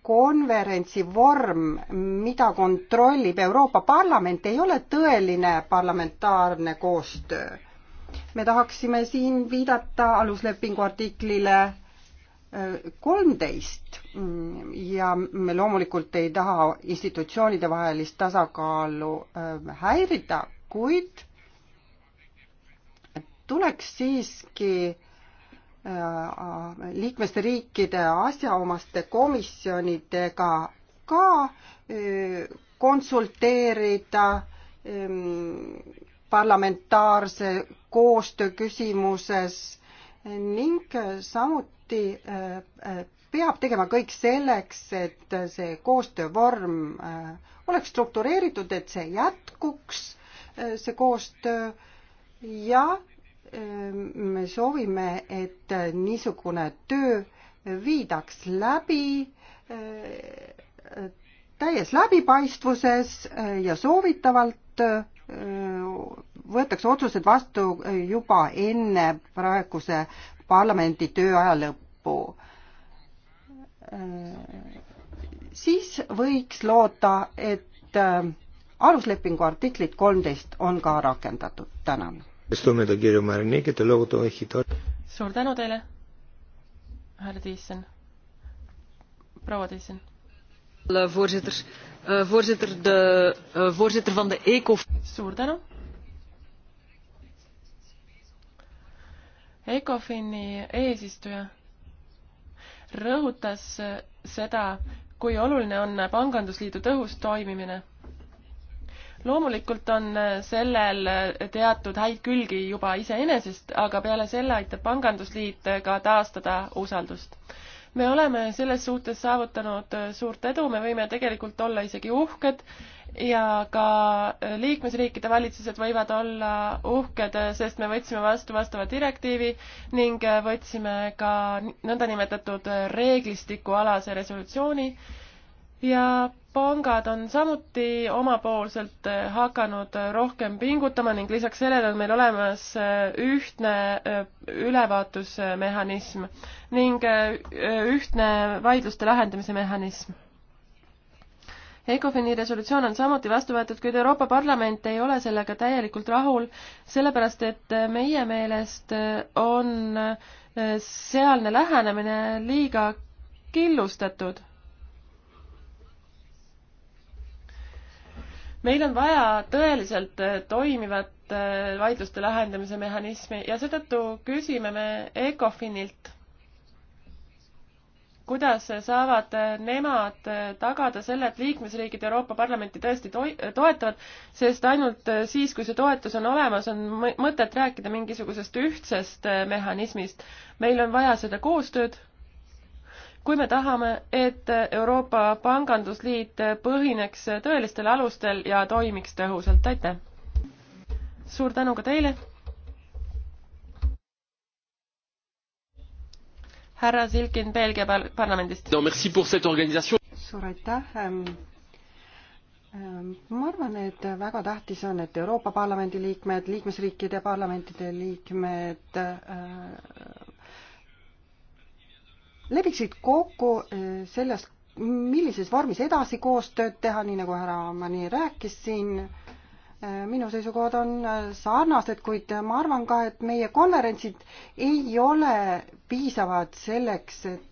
konverentsi vorm, mida kontrollib Euroopa Parlament, ei ole tõeline parlamentaarne koostöö. me tahaksime siin viidata aluslepingu artiklile äh, kolmteist ja me loomulikult ei taha institutsioonide vahelist tasakaalu äh, häirida, kuid tuleks siiski Äh, liikmesriikide asjaomaste komisjonidega ka äh, konsulteerida ähm, parlamentaarse koostöö küsimuses ning samuti äh, peab tegema kõik selleks, et see koostöövorm oleks struktureeritud, et see jätkuks, see koostöö ja Ehm, me soovime, et äh, niisugune töö viidaks läbi äh, täies läbipaistvuses äh, ja soovitavalt võetakse otsused vastu juba enne praeguse parlamendi tööaja lõppu. siis võiks loota, et aluslepingu artiklit kolmteist on ka rakendatud. tänan suur tänu teile, härra Tiisson, proua Tiisson. Eh, voorzitter, eh, voorzitter, eh, voorzitter van de ECOF. suur tänu. ECOFIN-i eesistuja rõhutas seda, kui oluline on pangandusliidu tõhus toimimine loomulikult on äh, sellel äh, teatud häid külgi juba iseenesest, aga peale selle aitab Pangandusliit äh, ka taastada usaldust. me oleme selles suhtes saavutanud suurt edu, me võime tegelikult olla isegi uhked ja ka liikmesriikide valitsused võivad olla uhked, sest me võtsime vastu vastava direktiivi ning võtsime ka nõndanimetatud reeglistikualase resolutsiooni ja pangad on samuti omapoolselt hakanud rohkem pingutama ning lisaks sellele on meil olemas ühtne äh, ülevaatusmehhanism ning äh, ühtne vaidluste lahendamise mehhanism. ECOFIN-i resolutsioon on samuti vastu võetud, kuid Euroopa Parlament ei ole sellega täielikult rahul, sellepärast et meie meelest on äh, sealne lähenemine liiga killustatud meil on vaja tõeliselt äh, toimivat äh, vaidluste lahendamise mehhanismi ja seetõttu küsime me ECOFINilt, kuidas saavad äh, nemad tagada selle, et liikmesriigid Euroopa Parlamenti tõesti toi-, toetavad, sest ainult siis, kui see toetus on olemas, on mõtet rääkida mingisugusest ühtsest mehhanismist. meil on vaja seda koostööd kui me tahame, et Euroopa Pangandusliit põhineks tõelistel alustel ja toimiks tõhusalt, aitäh! suur tänu ka teile! härra Silkin Belgia parlamendist. suur aitäh! Ähm, ähm, ma arvan, et väga tähtis on, et Euroopa Parlamendi liikmed, liikmesriikide parlamentide liikmed äh, lepiksid kokku eh, sellest, millises vormis edasi koostööd teha, nii nagu härra Mani rääkis siin. Eh, minu seisukohad on eh, sarnased, kuid ma arvan ka, et meie konverentsid ei ole piisavad selleks, et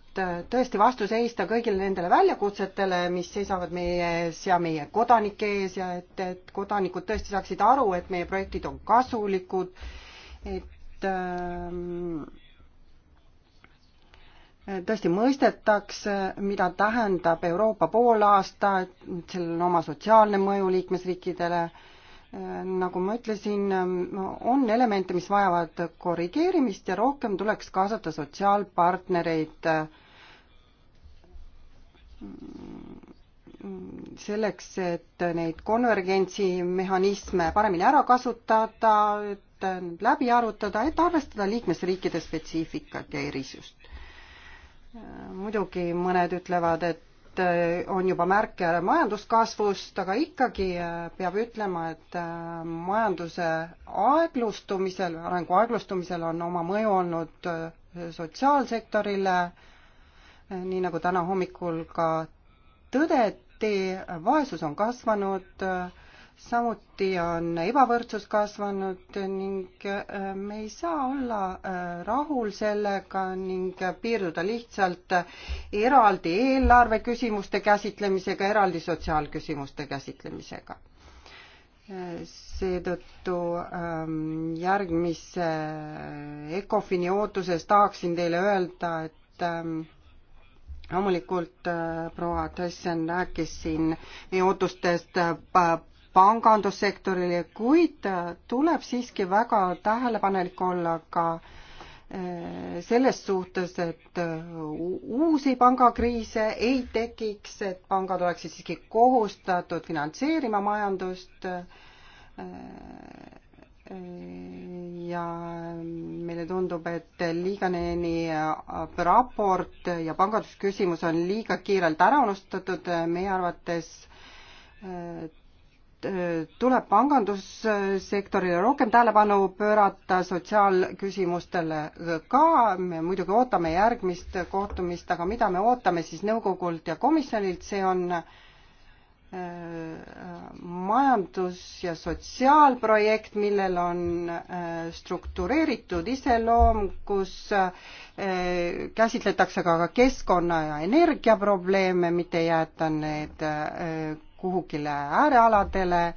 tõesti vastu seista kõigile nendele väljakutsetele, mis seisavad meie ees ja meie kodanike ees ja et, et kodanikud tõesti saaksid aru, et meie projektid on kasulikud, et äh, Äh, tõesti mõistetakse, mida tähendab Euroopa poolaasta, et sellel on oma sotsiaalne mõju liikmesriikidele, äh, nagu ma ütlesin, äh, on elemente, mis vajavad korrigeerimist ja rohkem tuleks kaasata sotsiaalpartnereid selleks, et neid konvergentsimehhanisme paremini ära kasutada, et läbi arutada, et arvestada liikmesriikide spetsiifikat ja erisust muidugi mõned ütlevad, et äh, on juba märke majanduskasvust, aga ikkagi äh, peab ütlema, et äh, majanduse aeglustumisel, arengu aeglustumisel on oma mõju olnud sotsiaalsektorile, nii nagu täna hommikul ka tõdeti, vaesus on kasvanud äh, samuti on ebavõrdsus kasvanud ning äh, me ei saa olla äh, rahul sellega ning piirduda lihtsalt äh, eraldi eelarve küsimuste käsitlemisega, eraldi sotsiaalküsimuste käsitlemisega. seetõttu ähm, järgmise ECOFIN-i ootuses tahaksin teile öelda, et ähm, loomulikult proua Tyson rääkis siin meie ootustest pangandussektorile, kuid tuleb siiski väga tähelepanelik olla ka eh, selles suhtes, et eh, uusi pangakriise ei tekiks, et pangad oleksid siiski kohustatud finantseerima majandust. Eh, ja meile tundub, et Liiganeni raport ja pangandusküsimus on liiga kiirelt ära unustatud, meie arvates Äh, tuleb pangandussektorile rohkem tähelepanu pöörata, sotsiaalküsimustele ka, me muidugi ootame järgmist kohtumist, aga mida me ootame siis nõukogult ja komisjonilt, see on äh, majandus- ja sotsiaalprojekt, millel on äh, struktureeritud iseloom, kus käsitletakse ka keskkonna ja energiaprobleeme, mitte jäeta need kuhugile äärealadele,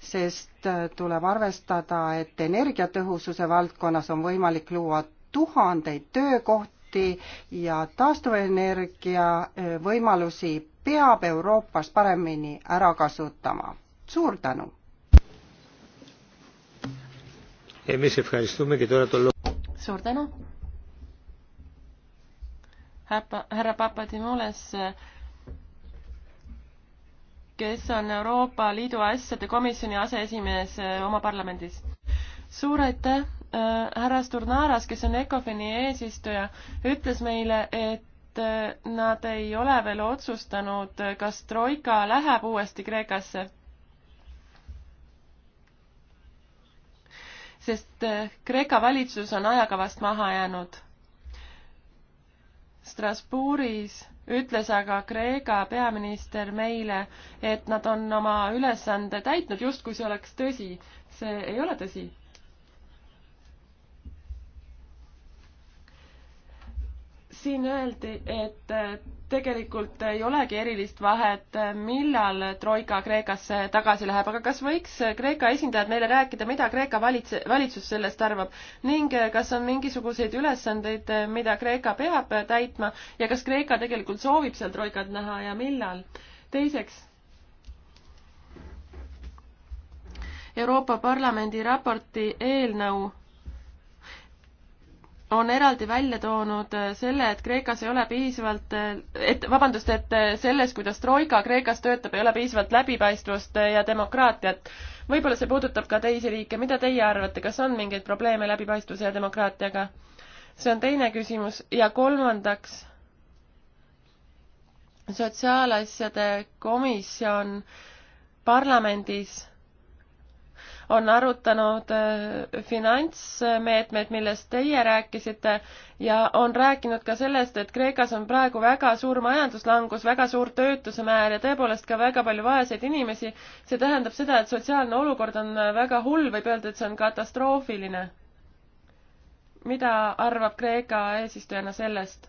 sest äh, tuleb arvestada, et energiatõhususe valdkonnas on võimalik luua tuhandeid töökohti ja taastuvenergia äh, võimalusi peab Euroopas paremini ära kasutama. suur tänu! suur tänu! härra Papadimules kes on Euroopa Liidu asjade komisjoni aseesimees äh, oma parlamendis. suur aitäh, äh, härra Sturnaras, kes on ECOFIN-i eesistuja, ütles meile, et äh, nad ei ole veel otsustanud, kas Troika läheb uuesti Kreekasse. sest Kreeka valitsus on ajakavast maha jäänud. Strasbourgis ütles aga Kreeka peaminister meile, et nad on oma ülesande täitnud, justkui see oleks tõsi. see ei ole tõsi. siin öeldi, et tegelikult ei olegi erilist vahet, millal Troika Kreekasse tagasi läheb, aga kas võiks Kreeka esindajad meile rääkida, mida Kreeka valitse, valitsus sellest arvab ning kas on mingisuguseid ülesandeid, mida Kreeka peab täitma ja kas Kreeka tegelikult soovib seal Troikat näha ja millal? teiseks, Euroopa Parlamendi raporti eelnõu on eraldi välja toonud äh, selle, et Kreekas ei ole piisavalt, äh, et vabandust, et äh, selles, kuidas Troika Kreekas töötab, ei ole piisavalt läbipaistvust ja demokraatiat. võib-olla see puudutab ka teisi riike, mida teie arvate, kas on mingeid probleeme läbipaistvuse ja demokraatiaga? see on teine küsimus ja kolmandaks, sotsiaalasjade komisjon parlamendis on arutanud äh, finantsmeetmeid, millest teie rääkisite, ja on rääkinud ka sellest, et Kreekas on praegu väga suur majanduslangus, väga suur töötuse määr ja tõepoolest ka väga palju vaeseid inimesi. see tähendab seda, et sotsiaalne olukord on äh, väga hull, võib öelda, et see on katastroofiline. mida arvab Kreeka eesistujana sellest?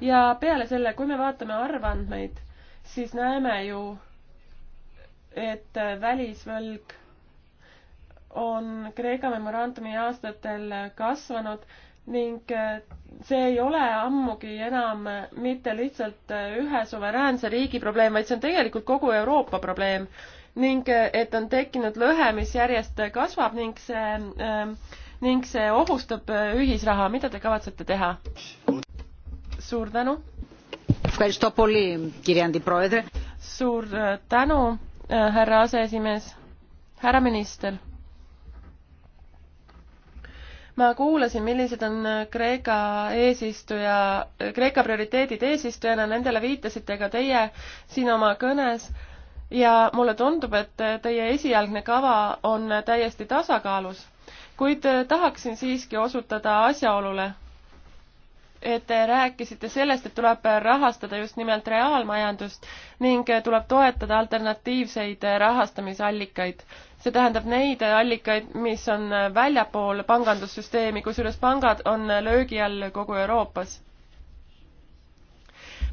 ja peale selle, kui me vaatame arvandmeid, siis näeme ju et äh, välisvõlg on Kreeka memorandumi aastatel kasvanud ning äh, see ei ole ammugi enam mitte lihtsalt äh, ühe suveräänse riigi probleem, vaid see on tegelikult kogu Euroopa probleem ning et on tekkinud lõhe, mis järjest kasvab ning see ähm, ning see ohustab ühisraha, mida te kavatsete teha? suur tänu. suur tänu Äh, härra aseesimees, härra minister. ma kuulasin, millised on äh, Kreeka eesistuja, äh, Kreeka prioriteedid eesistujana, nendele viitasite ka teie siin oma kõnes ja mulle tundub, et teie esialgne kava on täiesti tasakaalus, kuid tahaksin siiski osutada asjaolule et te rääkisite sellest, et tuleb rahastada just nimelt reaalmajandust ning tuleb toetada alternatiivseid rahastamisallikaid. see tähendab neid allikaid, mis on väljapool pangandussüsteemi, kusjuures pangad on löögi all kogu Euroopas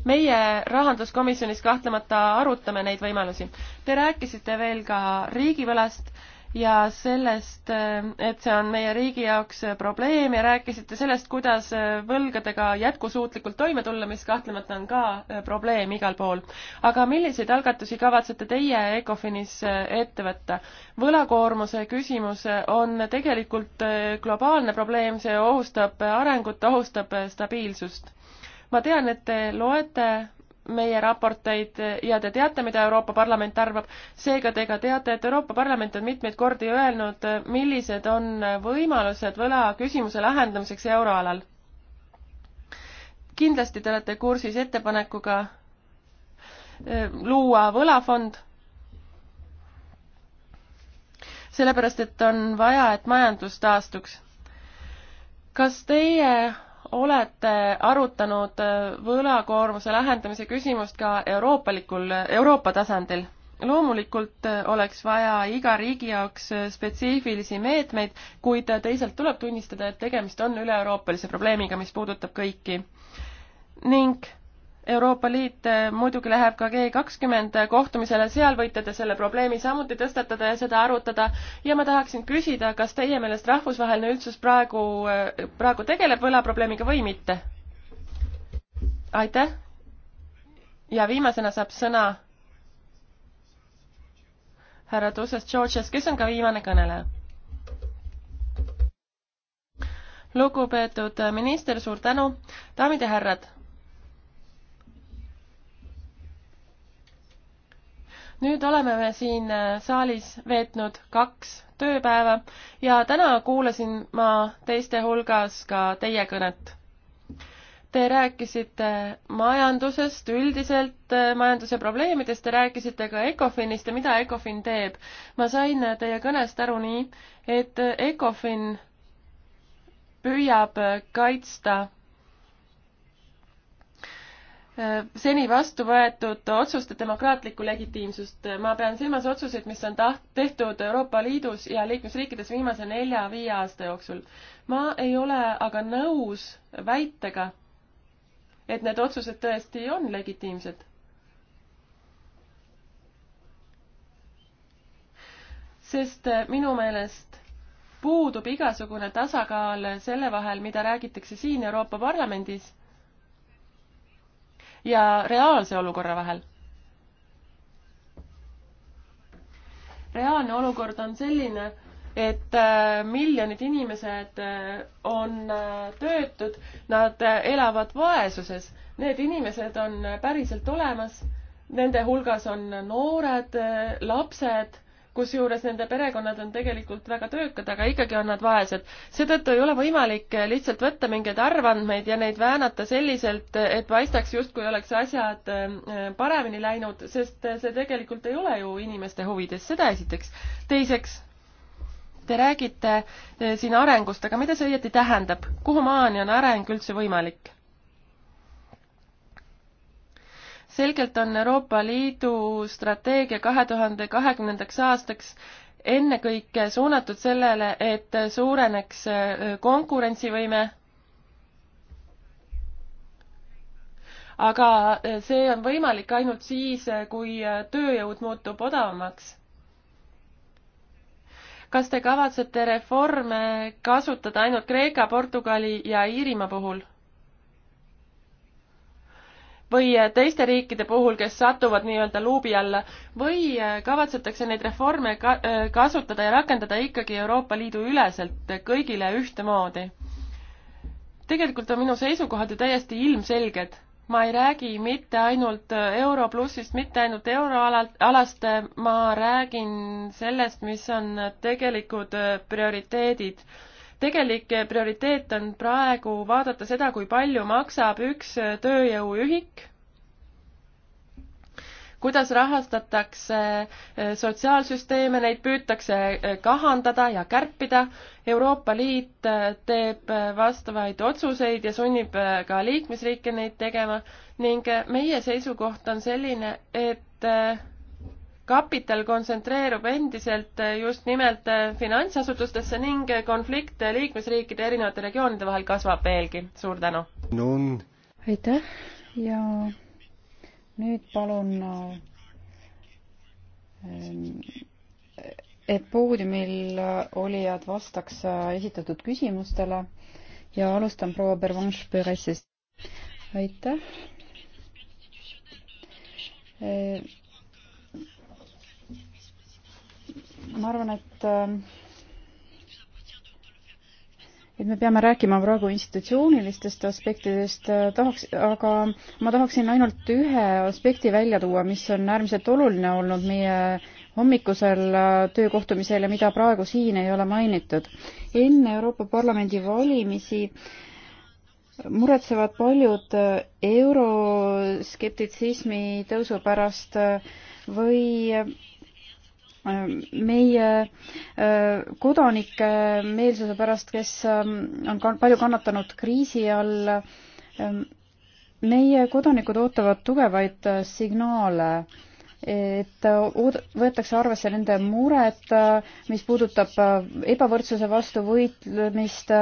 meie rahanduskomisjonis kahtlemata arutame neid võimalusi. Te rääkisite veel ka riigivõlast ja sellest, et see on meie riigi jaoks probleem ja rääkisite sellest, kuidas võlgadega jätkusuutlikult toime tulla, mis kahtlemata on ka probleem igal pool. aga milliseid algatusi kavatsete teie ECOFINis ette võtta? võlakoormuse küsimus on tegelikult globaalne probleem, see ohustab arengut, ohustab stabiilsust. ma tean, et te loete meie raporteid ja te teate, mida Euroopa Parlament arvab, seega te ka teate, et Euroopa Parlament on mitmeid kordi öelnud, millised on võimalused võlaküsimuse lahendamiseks euroalal. kindlasti te olete kursis ettepanekuga e, luua võlafond, sellepärast et on vaja, et majandus taastuks. kas teie olete arutanud võlakoormuse lähendamise küsimust ka euroopalikul, Euroopa tasandil? loomulikult oleks vaja iga riigi jaoks spetsiifilisi meetmeid, kuid teisalt tuleb tunnistada, et tegemist on üle-euroopalise probleemiga, mis puudutab kõiki. ning Euroopa Liit eh, muidugi läheb ka G kakskümmend kohtumisele, seal võite te selle probleemi samuti tõstatada ja seda arutada. ja ma tahaksin küsida, kas teie meelest rahvusvaheline üldsus praegu, eh, praegu tegeleb võlaprobleemiga või mitte? aitäh. ja viimasena saab sõna härra Tuses Georges, kes on ka viimane kõneleja. lugupeetud minister, suur tänu. daamid ja härrad nüüd oleme me siin äh, saalis veetnud kaks tööpäeva ja täna kuulasin ma teiste hulgas ka teie kõnet. Te rääkisite majandusest üldiselt, äh, majanduse probleemidest, te rääkisite ka Ecofinist ja mida Ecofin teeb. ma sain äh, teie kõnest aru nii, et Ecofin püüab kaitsta seni vastu võetud otsuste demokraatlikku legitiimsust. ma pean silmas otsuseid, mis on taht-, tehtud Euroopa Liidus ja liikmesriikides viimase nelja-viie aasta jooksul. ma ei ole aga nõus väitega, et need otsused tõesti on legitiimsed. sest minu meelest puudub igasugune tasakaal selle vahel, mida räägitakse siin Euroopa Parlamendis ja reaalse olukorra vahel. reaalne olukord on selline, et äh, miljonid inimesed äh, on äh, töötud, nad elavad vaesuses, need inimesed on päriselt olemas, nende hulgas on noored, lapsed kusjuures nende perekonnad on tegelikult väga töökad, aga ikkagi on nad vaesed. seetõttu ei ole võimalik eh, lihtsalt võtta mingeid arvandmeid ja neid väänata selliselt, eh, et paistaks justkui oleks asjad eh, paremini läinud, sest see tegelikult ei ole ju inimeste huvides, seda esiteks. teiseks, te räägite siin arengust, aga mida see õieti tähendab, kuhu maani on areng üldse võimalik? selgelt on Euroopa Liidu strateegia kahe tuhande kahekümnendaks aastaks ennekõike suunatud sellele, et suureneks äh, konkurentsivõime, aga äh, see on võimalik ainult siis, äh, kui tööjõud muutub odavamaks kas te kavatsete reforme kasutada ainult Kreeka, Portugali ja Iirimaa puhul? või teiste riikide puhul, kes satuvad nii-öelda luubi alla või äh, kavatsetakse neid reforme ka äh, kasutada ja rakendada ikkagi Euroopa Liidu üleselt kõigile ühtemoodi? tegelikult on minu seisukohad ju täiesti ilmselged. ma ei räägi mitte ainult Euro plussist, mitte ainult euroalalt, alast, ma räägin sellest, mis on tegelikud äh, prioriteedid tegelik prioriteet on praegu vaadata seda, kui palju maksab üks tööjõuühik, kuidas rahastatakse eh, sotsiaalsüsteeme, neid püütakse eh, kahandada ja kärpida. Euroopa Liit eh, teeb vastavaid otsuseid ja sunnib ka liikmesriike neid tegema ning meie seisukoht on selline, et kapital kontsentreerub endiselt äh, just nimelt äh, finantsasutustesse ning äh, konflikt liikmesriikide erinevate regioonide vahel kasvab veelgi. suur tänu no.! aitäh ja nüüd palun et poodiumil olijad vastaks esitatud küsimustele ja alustan proua Bervanche Peressist. aitäh! ma arvan, et äh, et me peame rääkima praegu institutsioonilistest aspektidest, tahaks, aga ma tahaksin ainult ühe aspekti välja tuua, mis on äärmiselt oluline olnud meie hommikusel äh, töökohtumisel ja mida praegu siin ei ole mainitud. enne Euroopa Parlamendi valimisi muretsevad paljud äh, euroskeptitsismi tõusu pärast või meie äh, kodanike meelsuse pärast, kes ähm, on palju kannatanud kriisi all. Ähm, meie kodanikud ootavad tugevaid äh, signaale, et äh, võetakse arvesse nende muret, mis puudutab ebavõrdsuse vastu võitlemist,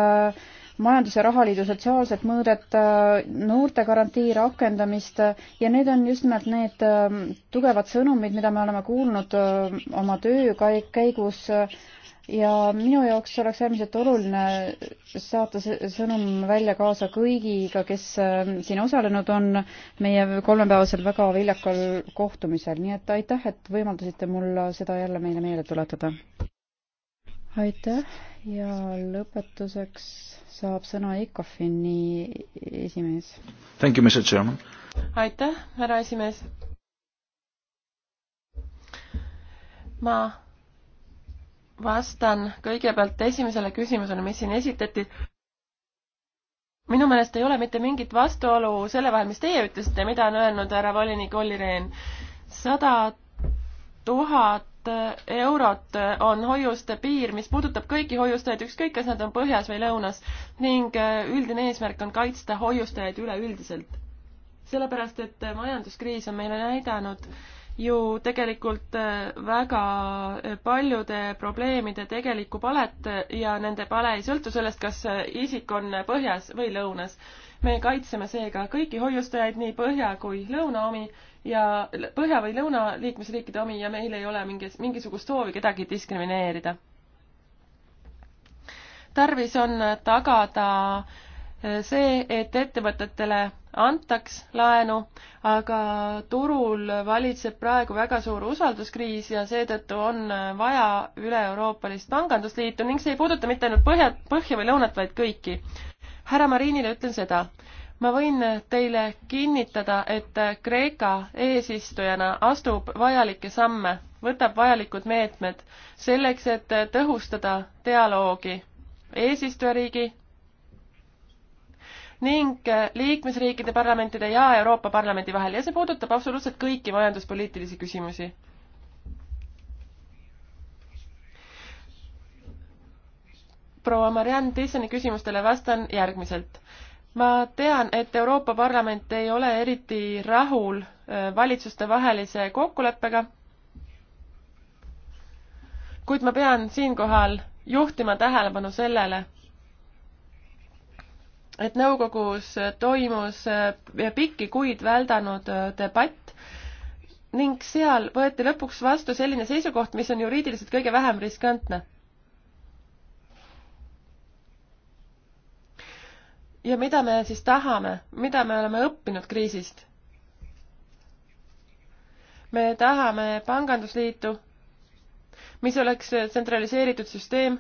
majandus- ja rahaliidu sotsiaalset mõõdet, äh, noortegarantii rakendamist äh, ja need on just nimelt need ähm, tugevad sõnumid, mida me oleme kuulnud äh, oma töö käigus ja minu jaoks oleks äärmiselt oluline saata see sõnum välja kaasa kõigiga, kes siin osalenud on meie kolmepäevasel väga viljakal kohtumisel, nii et aitäh, et võimaldasite mul seda jälle meile meelde tuletada. aitäh ja lõpetuseks saab sõna ECOFIN-i esimees. aitäh, härra esimees. ma vastan kõigepealt esimesele küsimusele, mis siin esitati. minu meelest ei ole mitte mingit vastuolu selle vahel, mis teie ütlesite, mida on öelnud härra volinik Olli Rehn. sada tuhat Eh, eurot eh, on hoiuste piir, mis puudutab kõiki hoiustajaid, ükskõik kas nad on põhjas või lõunas ning eh, üldine eesmärk on kaitsta hoiustajaid üleüldiselt. sellepärast, et majanduskriis on meile näidanud, ju tegelikult äh, väga äh, paljude probleemide tegelikku palet ja nende pale ei sõltu sellest, kas äh, isik on põhjas või lõunas. me kaitseme seega kõiki hoiustajaid, nii põhja kui lõuna omi ja põhja või lõuna liikmesriikide omi ja meil ei ole mingis, mingisugust soovi kedagi diskrimineerida. tarvis on tagada äh, see, et ettevõtetele antaks laenu, aga turul valitseb praegu väga suur usalduskriis ja seetõttu on vaja üle-euroopalist pangandusliitu ning see ei puuduta mitte ainult põhja, põhja või lõunat, vaid kõiki. härra Marinile ütlen seda, ma võin teile kinnitada, et Kreeka eesistujana astub vajalikke samme, võtab vajalikud meetmed selleks, et tõhustada dialoogi eesistujariigi ning äh, liikmesriikide parlamentide ja Euroopa Parlamendi vahel ja see puudutab absoluutselt kõiki majanduspoliitilisi küsimusi. proua Marianne Tissoni küsimustele vastan järgmiselt ma tean, et Euroopa Parlament ei ole eriti rahul äh, valitsustevahelise kokkuleppega, kuid ma pean siinkohal juhtima tähelepanu sellele, et nõukogus toimus eh, pikki kuid väldanud eh, debatt ning seal võeti lõpuks vastu selline seisukoht, mis on juriidiliselt kõige vähem riskantne. ja mida me siis tahame, mida me oleme õppinud kriisist? me tahame pangandusliitu, mis oleks tsentraliseeritud süsteem.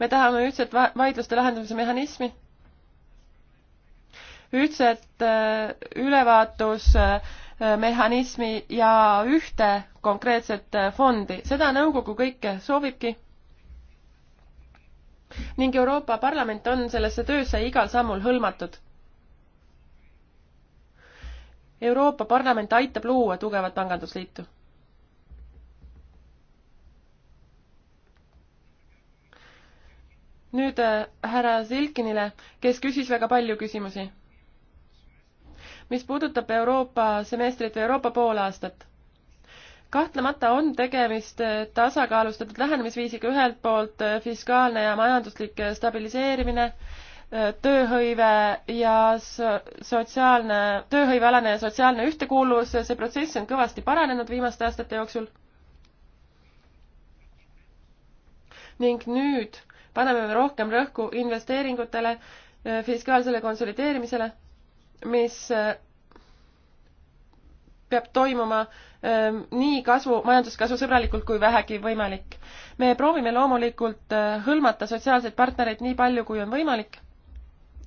me tahame ühtset vaidluste lahendamise mehhanismi ühtset äh, ülevaatusmehhanismi ja ühte konkreetset äh, fondi. seda nõukogu kõike soovibki. ning Euroopa Parlament on sellesse töösse igal sammul hõlmatud. Euroopa Parlament aitab luua tugevat pangandusliitu nüüd äh, härra Zilkinile, kes küsis väga palju küsimusi mis puudutab Euroopa semestrit või Euroopa poolaastat kahtlemata on tegemist tasakaalustatud lähenemisviisiga, ühelt poolt eh, fiskaalne ja majanduslik eh, stabiliseerimine, eh, tööhõive ja sotsiaalne, tööhõivealane ja sotsiaalne ühtekuuluvus, see protsess on kõvasti paranenud viimaste aastate jooksul. ning nüüd paneme me rohkem rõhku investeeringutele, fiskaalsele konsolideerimisele mis äh, peab toimuma ähm, nii kasvu, majanduskasvu sõbralikult kui vähegi võimalik. me proovime loomulikult äh, hõlmata sotsiaalseid partnereid nii palju, kui on võimalik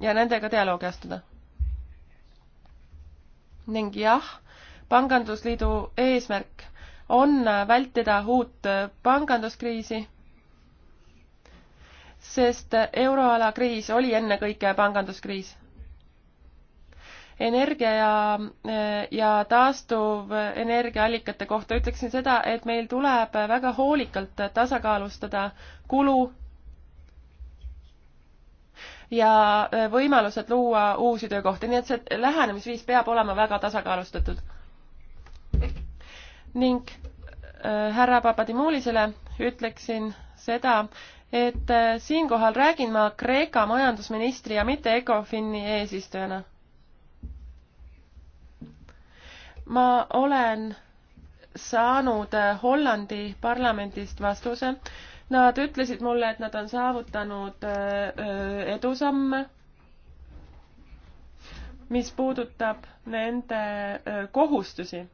ja nendega dialoogi astuda. ning jah, pangandusliidu eesmärk on äh, vältida uut panganduskriisi, sest euroala kriis oli ennekõike panganduskriis energia ja, ja taastuvenergiaallikate kohta ütleksin seda, et meil tuleb väga hoolikalt tasakaalustada kulu ja võimalused luua uusi töökohti, nii et see lähenemisviis peab olema väga tasakaalustatud. ning äh, härra Papadimulisele ütleksin seda, et äh, siinkohal räägin ma Kreeka majandusministri ja mitte Ecofini eesistujana ma olen saanud äh, Hollandi parlamendist vastuse. Nad ütlesid mulle, et nad on saavutanud äh, äh, edusamme, mis puudutab nende kohustusi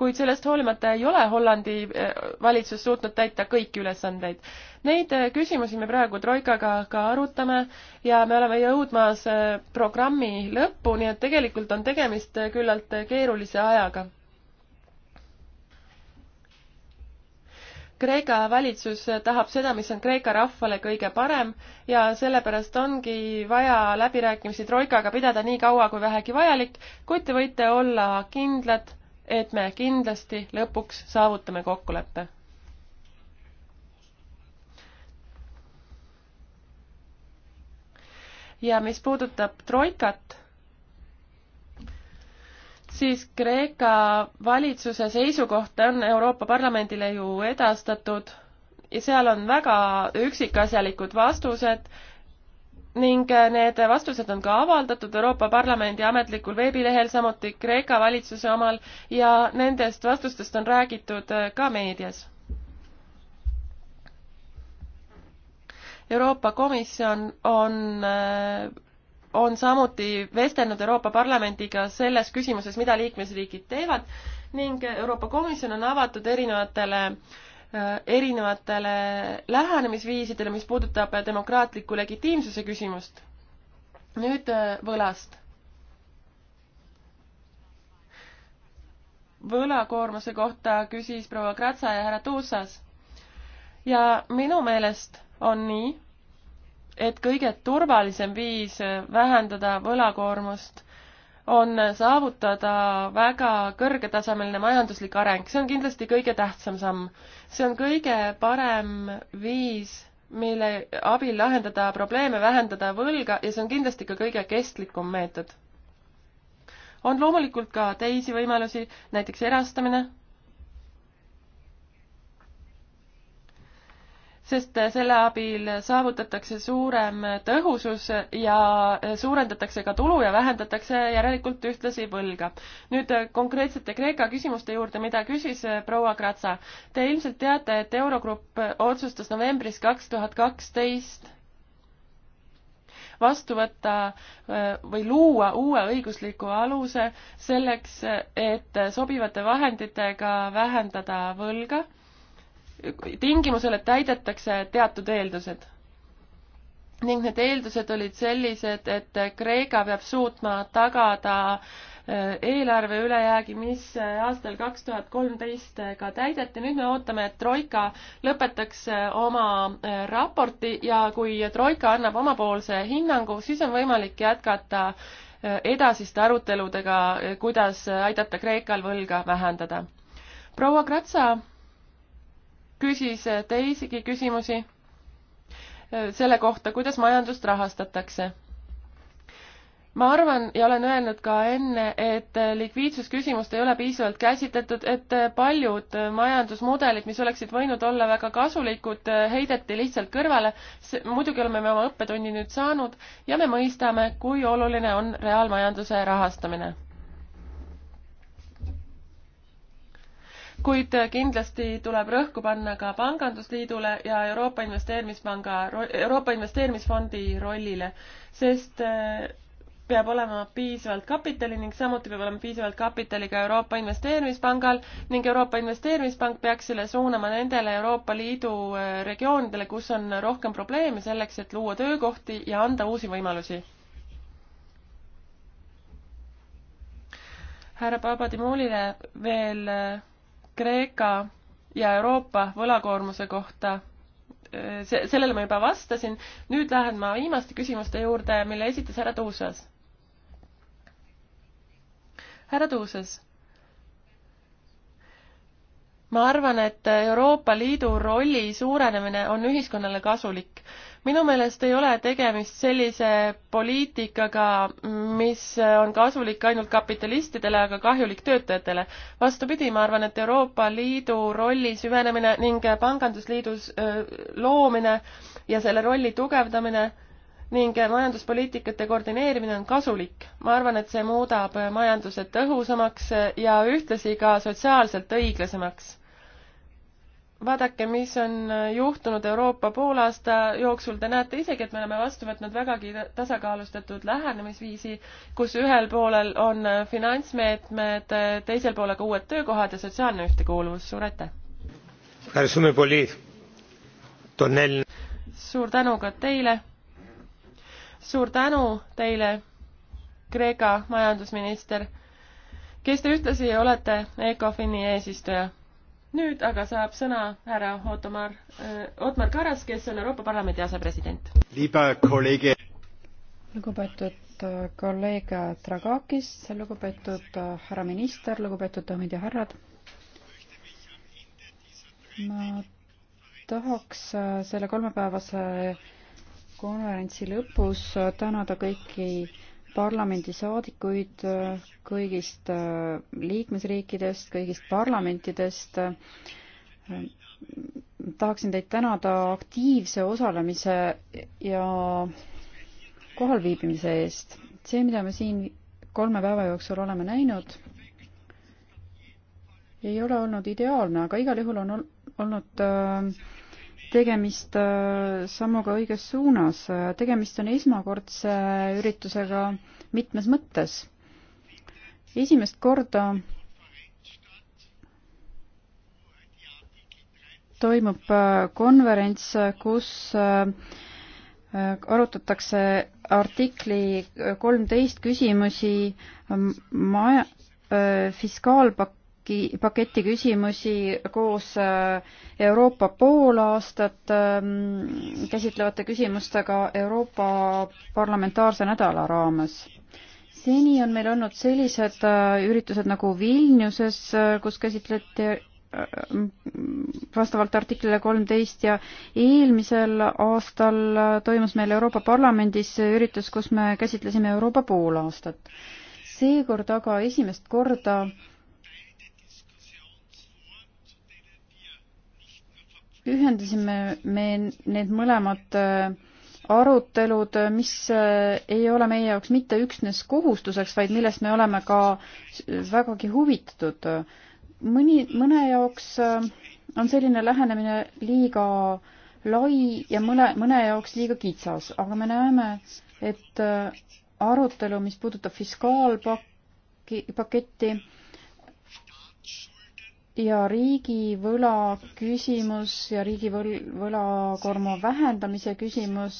kuid sellest hoolimata ei ole Hollandi eh, valitsus suutnud täita kõiki ülesandeid. Neid eh, küsimusi me praegu Troikaga ka arutame ja me oleme jõudmas eh, programmi lõppu, nii et tegelikult on tegemist küllalt keerulise ajaga. Kreeka valitsus tahab seda, mis on Kreeka rahvale kõige parem ja sellepärast ongi vaja läbirääkimisi Troikaga pidada nii kaua kui vähegi vajalik, kuid te võite olla kindlad et me kindlasti lõpuks saavutame kokkuleppe. ja mis puudutab troikat, siis Kreeka valitsuse seisukoht on Euroopa Parlamendile ju edastatud ja seal on väga üksikasjalikud vastused ning äh, need vastused on ka avaldatud Euroopa Parlamendi ametlikul veebilehel, samuti Kreeka valitsuse omal ja nendest vastustest on räägitud äh, ka meedias. Euroopa Komisjon on, äh, on samuti vestelnud Euroopa Parlamendiga selles küsimuses, mida liikmesriigid teevad ning Euroopa Komisjon on avatud erinevatele äh, Äh, erinevatele lähenemisviisidele, mis puudutab demokraatliku legitiimsuse küsimust. nüüd äh, võlast. võlakoormuse kohta küsis proua Kratsa ja härra Tuusas. ja minu meelest on nii, et kõige turvalisem viis vähendada võlakoormust on saavutada väga kõrgetasemeline majanduslik areng. see on kindlasti kõige tähtsam samm. see on kõige parem viis, mille abil lahendada probleeme, vähendada võlga ja see on kindlasti ka kõige kestlikum meetod. on loomulikult ka teisi võimalusi, näiteks erastamine sest selle abil saavutatakse suurem tõhusus ja suurendatakse ka tulu ja vähendatakse järelikult ühtlasi võlga. nüüd konkreetsete Kreeka küsimuste juurde, mida küsis äh, proua Kratsa. Te ilmselt teate, et Eurogrupp otsustas novembris kaks tuhat kaksteist vastu võtta äh, või luua uue õigusliku aluse selleks, äh, et sobivate vahenditega vähendada võlga tingimusel, et täidetakse teatud eeldused. ning need eeldused olid sellised, et Kreeka peab suutma tagada äh, eelarve ülejäägi, mis äh, aastal kaks tuhat kolmteist ka täideti. nüüd me ootame, et Troika lõpetaks äh, oma raporti ja kui Troika annab omapoolse hinnangu, siis on võimalik jätkata edasiste aruteludega, kuidas aidata Kreekal võlga vähendada. proua Kratsa küsis äh, teisigi küsimusi äh, selle kohta, kuidas majandust rahastatakse. ma arvan ja olen öelnud ka enne, et äh, likviidsusküsimust ei ole piisavalt käsitletud, et paljud majandusmudelid, mis oleksid võinud olla väga kasulikud, heideti lihtsalt kõrvale. muidugi oleme me oma õppetunni nüüd saanud ja me mõistame, kui oluline on reaalmajanduse rahastamine kuid kindlasti tuleb rõhku panna ka Pangandusliidule ja Euroopa Investeerimispanga, Euroopa Investeerimisfondi rollile, sest eh, peab olema piisavalt kapitali ning samuti peab olema piisavalt kapitali ka Euroopa Investeerimispangal ning Euroopa Investeerimispank peaks selle suunama nendele Euroopa Liidu eh, regioonidele, kus on rohkem probleeme selleks, et luua töökohti ja anda uusi võimalusi. härra Babadimuulile veel eh, Kreeka ja Euroopa võlakoormuse kohta, see, sellele ma juba vastasin, nüüd lähen ma viimaste küsimuste juurde, mille esitas härra Tuusas. härra Tuusas, ma arvan, et Euroopa Liidu rolli suurenemine on ühiskonnale kasulik minu meelest ei ole tegemist sellise poliitikaga, mis on kasulik ainult kapitalistidele, aga kahjulik töötajatele. vastupidi, ma arvan, et Euroopa Liidu rolli süvenemine ning pangandusliidus loomine ja selle rolli tugevdamine ning majanduspoliitikate koordineerimine on kasulik. ma arvan, et see muudab majanduse tõhusamaks ja ühtlasi ka sotsiaalselt õiglasemaks vaadake, mis on äh, juhtunud Euroopa poolaasta jooksul, te näete isegi, et me oleme vastu võtnud vägagi tasakaalustatud lähenemisviisi, kus ühel poolel on äh, finantsmeetmed, äh, teisel pool aga uued töökohad ja sotsiaalne ühtekuuluvus, suur aitäh! suur tänu ka teile, suur tänu teile, Kreeka majandusminister, kes te ühtlasi olete ECOFIN-i eesistuja nüüd aga saab sõna härra Ottomar, äh, Otmar Karas, kes on Euroopa Parlamendi asepresident. lugupeetud äh, kolleeg Dragakis, lugupeetud äh, härra minister, lugupeetud daamid ja härrad. ma tahaks selle kolmepäevase konverentsi lõpus tänada kõiki parlamendisaadikuid äh, kõigist äh, liikmesriikidest, kõigist parlamentidest. Äh, tahaksin teid tänada aktiivse osalemise ja kohalviibimise eest. see, mida me siin kolme päeva jooksul oleme näinud, ei ole olnud ideaalne, aga igal juhul on olnud äh, tegemist äh, sammuga õiges suunas. tegemist on esmakordse üritusega mitmes mõttes. esimest korda toimub äh, konverents, kus äh, arutatakse artikli kolmteist küsimusi ähm, maja, fiskaalpak-, paki, paketti küsimusi koos äh, Euroopa poolaastat ähm, käsitlevate küsimustega Euroopa parlamentaarse nädala raames. seni on meil olnud sellised äh, üritused nagu Vilniuses, äh, kus käsitleti vastavalt artiklile kolmteist ja eelmisel aastal toimus meil Euroopa Parlamendis üritus, kus me käsitlesime Euroopa poolaastat. seekord aga esimest korda äh, ühendasime me need mõlemad äh, arutelud, äh, mis äh, ei ole meie jaoks mitte üksnes kohustuseks, vaid millest me oleme ka vägagi huvitatud. mõni, mõne jaoks on selline lähenemine liiga lai ja mõne, mõne jaoks liiga kitsas, aga me näeme, et arutelu, mis puudutab fiskaalpakki, paketti, ja riigivõla küsimus ja riigivõlakorma vähendamise küsimus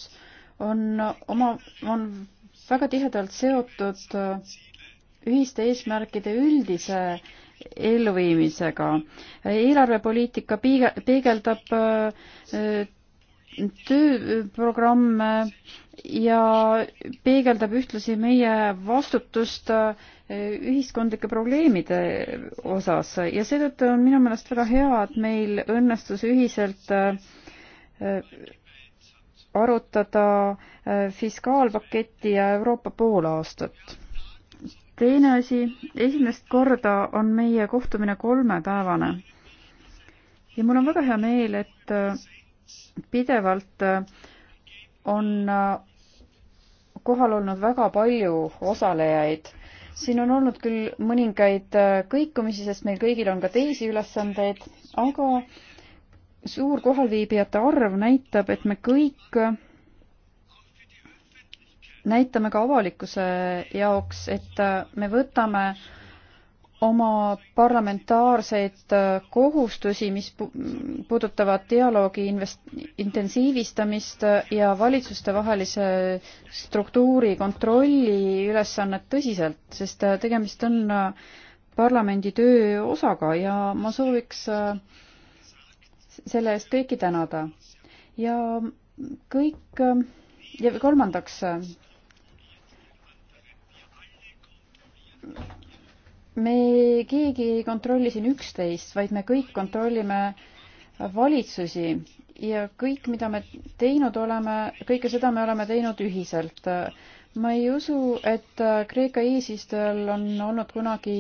on oma, on väga tihedalt seotud äh, ühiste eesmärkide üldise elluviimisega. eelarvepoliitika piige-, peegeldab äh, tööprogramme ja peegeldab ühtlasi meie vastutust äh, ühiskondlike probleemide osas ja seetõttu on minu meelest väga hea, et meil õnnestus ühiselt äh, arutada äh, fiskaalpaketti ja Euroopa poolaastat. teine asi, esimest korda on meie kohtumine kolmepäevane. ja mul on väga hea meel, et pidevalt äh, on äh, kohal olnud väga palju osalejaid. siin on olnud küll mõningaid äh, kõikumisi, sest meil kõigil on ka teisi ülesandeid, aga suur kohalviibijate arv näitab, et me kõik näitame ka avalikkuse jaoks, et me võtame äh, oma parlamentaarseid äh, kohustusi, mis puudutavad dialoogi invest-, intensiivistamist äh, ja valitsustevahelise struktuuri kontrolli ülesannet tõsiselt, sest äh, tegemist on parlamendi töö osaga ja ma sooviks selle eest kõiki tänada. ja kõik, ja kolmandaks me keegi ei kontrolli siin üksteist, vaid me kõik kontrollime valitsusi ja kõik, mida me teinud oleme, kõike seda me oleme teinud ühiselt. ma ei usu, et Kreeka eesistujal on olnud kunagi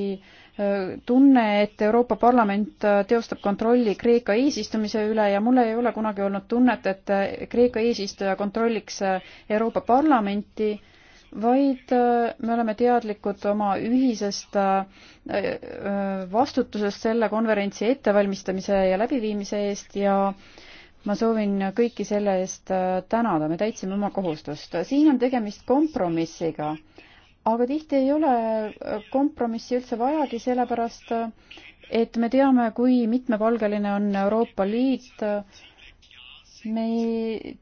äh, tunne, et Euroopa Parlament äh, teostab kontrolli Kreeka eesistumise üle ja mul ei ole kunagi olnud tunnet, et äh, Kreeka eesistuja kontrolliks Euroopa Parlamenti vaid äh, me oleme teadlikud oma ühisest äh, äh, vastutusest selle konverentsi ettevalmistamise ja läbiviimise eest ja ma soovin kõiki selle eest tänada, me täitsime oma kohustust. siin on tegemist kompromissiga, aga tihti ei ole kompromissi üldse vajagi, sellepärast et me teame, kui mitmepalgeline on Euroopa Liit, me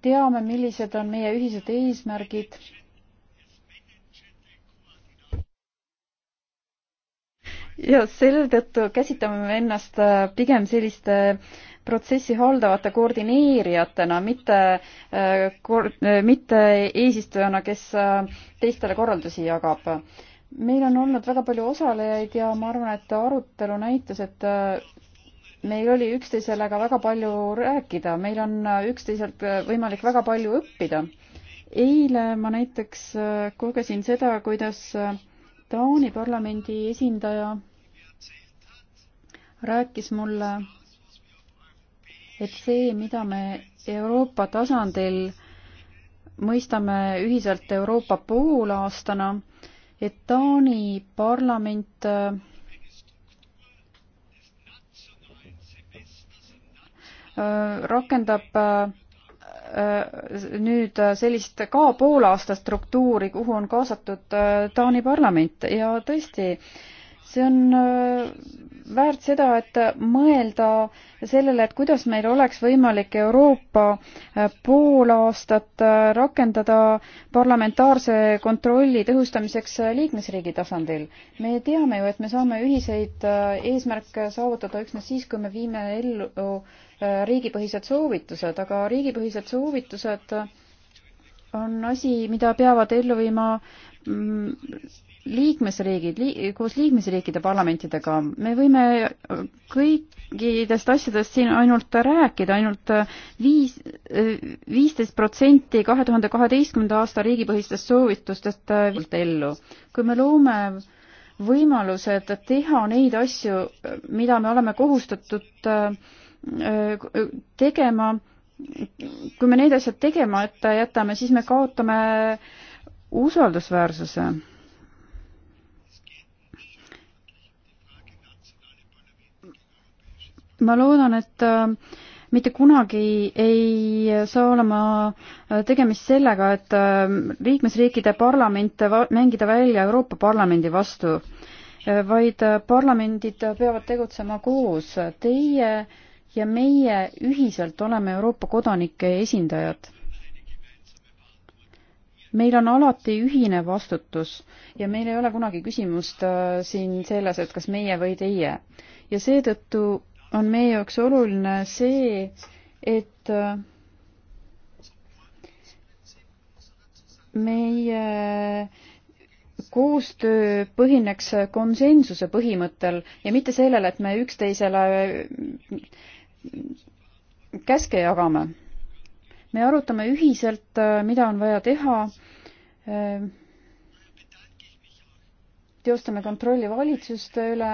teame, millised on meie ühised eesmärgid ja selle tõttu käsitame me ennast äh, pigem selliste äh, protsessi haldavate koordineerijatena, mitte äh, kor-, mitte eesistujana, kes teistele korraldusi jagab. meil on olnud väga palju osalejaid ja ma arvan, et arutelu näitas, et meil oli üksteisele ka väga palju rääkida, meil on üksteiselt võimalik väga palju õppida. eile ma näiteks kogesin seda, kuidas Taani parlamendi esindaja rääkis mulle, et see, mida me Euroopa tasandil mõistame ühiselt Euroopa poolaastana, et Taani parlament äh, rakendab äh, nüüd sellist ka poolaasta struktuuri, kuhu on kaasatud äh, Taani parlament ja tõesti, see on väärt seda, et mõelda sellele, et kuidas meil oleks võimalik Euroopa äh, pool aastat äh, rakendada parlamentaarse kontrolli tõhustamiseks äh, liikmesriigi tasandil. me teame ju, et me saame ühiseid eesmärke saavutada üksnes siis, kui me viime ellu riigipõhised soovitused, aga riigipõhised soovitused on asi, mida peavad ellu viima mm, liikmesriigid lii,, koos liikmesriikide parlamentidega, me võime kõikidest asjadest siin ainult rääkida ainult viis,, ainult viis, viisteist protsenti kahe tuhande kaheteistkümnenda aasta riigipõhistest soovitustest ellu. kui me loome võimalused teha neid asju, mida me oleme kohustatud äh, tegema, kui me need asjad tegema ette jätame, siis me kaotame usaldusväärsuse ma loodan, et äh, mitte kunagi ei saa olema äh, tegemist sellega, et äh, liikmesriikide parlament mängida välja Euroopa Parlamendi vastu, äh, vaid parlamendid peavad tegutsema koos. Teie ja meie ühiselt oleme Euroopa kodanike esindajad. meil on alati ühine vastutus ja meil ei ole kunagi küsimust siin selles, et kas meie või teie. ja seetõttu on meie jaoks oluline see, et äh, meie koostöö põhineks konsensuse põhimõttel ja mitte sellele, et me üksteisele äh, käske jagame. me arutame ühiselt, äh, mida on vaja teha, teostame kontrolli valitsuste üle,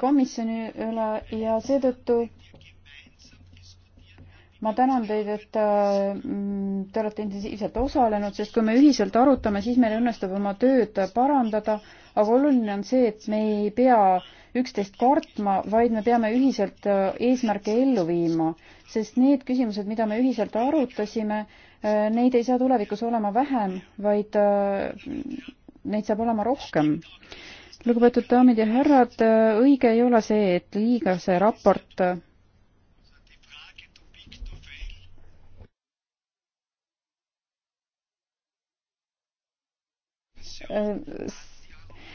komisjoni üle ja seetõttu ma tänan teid, et mm, te olete intensiivselt osalenud, sest kui me ühiselt arutame, siis meil õnnestub oma tööd parandada, aga oluline on see, et me ei pea üksteist kartma, vaid me peame ühiselt äh, eesmärke ellu viima, sest need küsimused, mida me ühiselt arutasime, äh, neid ei saa tulevikus olema vähem, vaid äh, neid saab olema rohkem lugupeetud daamid ja härrad, õige ei ole see, et liiga see raport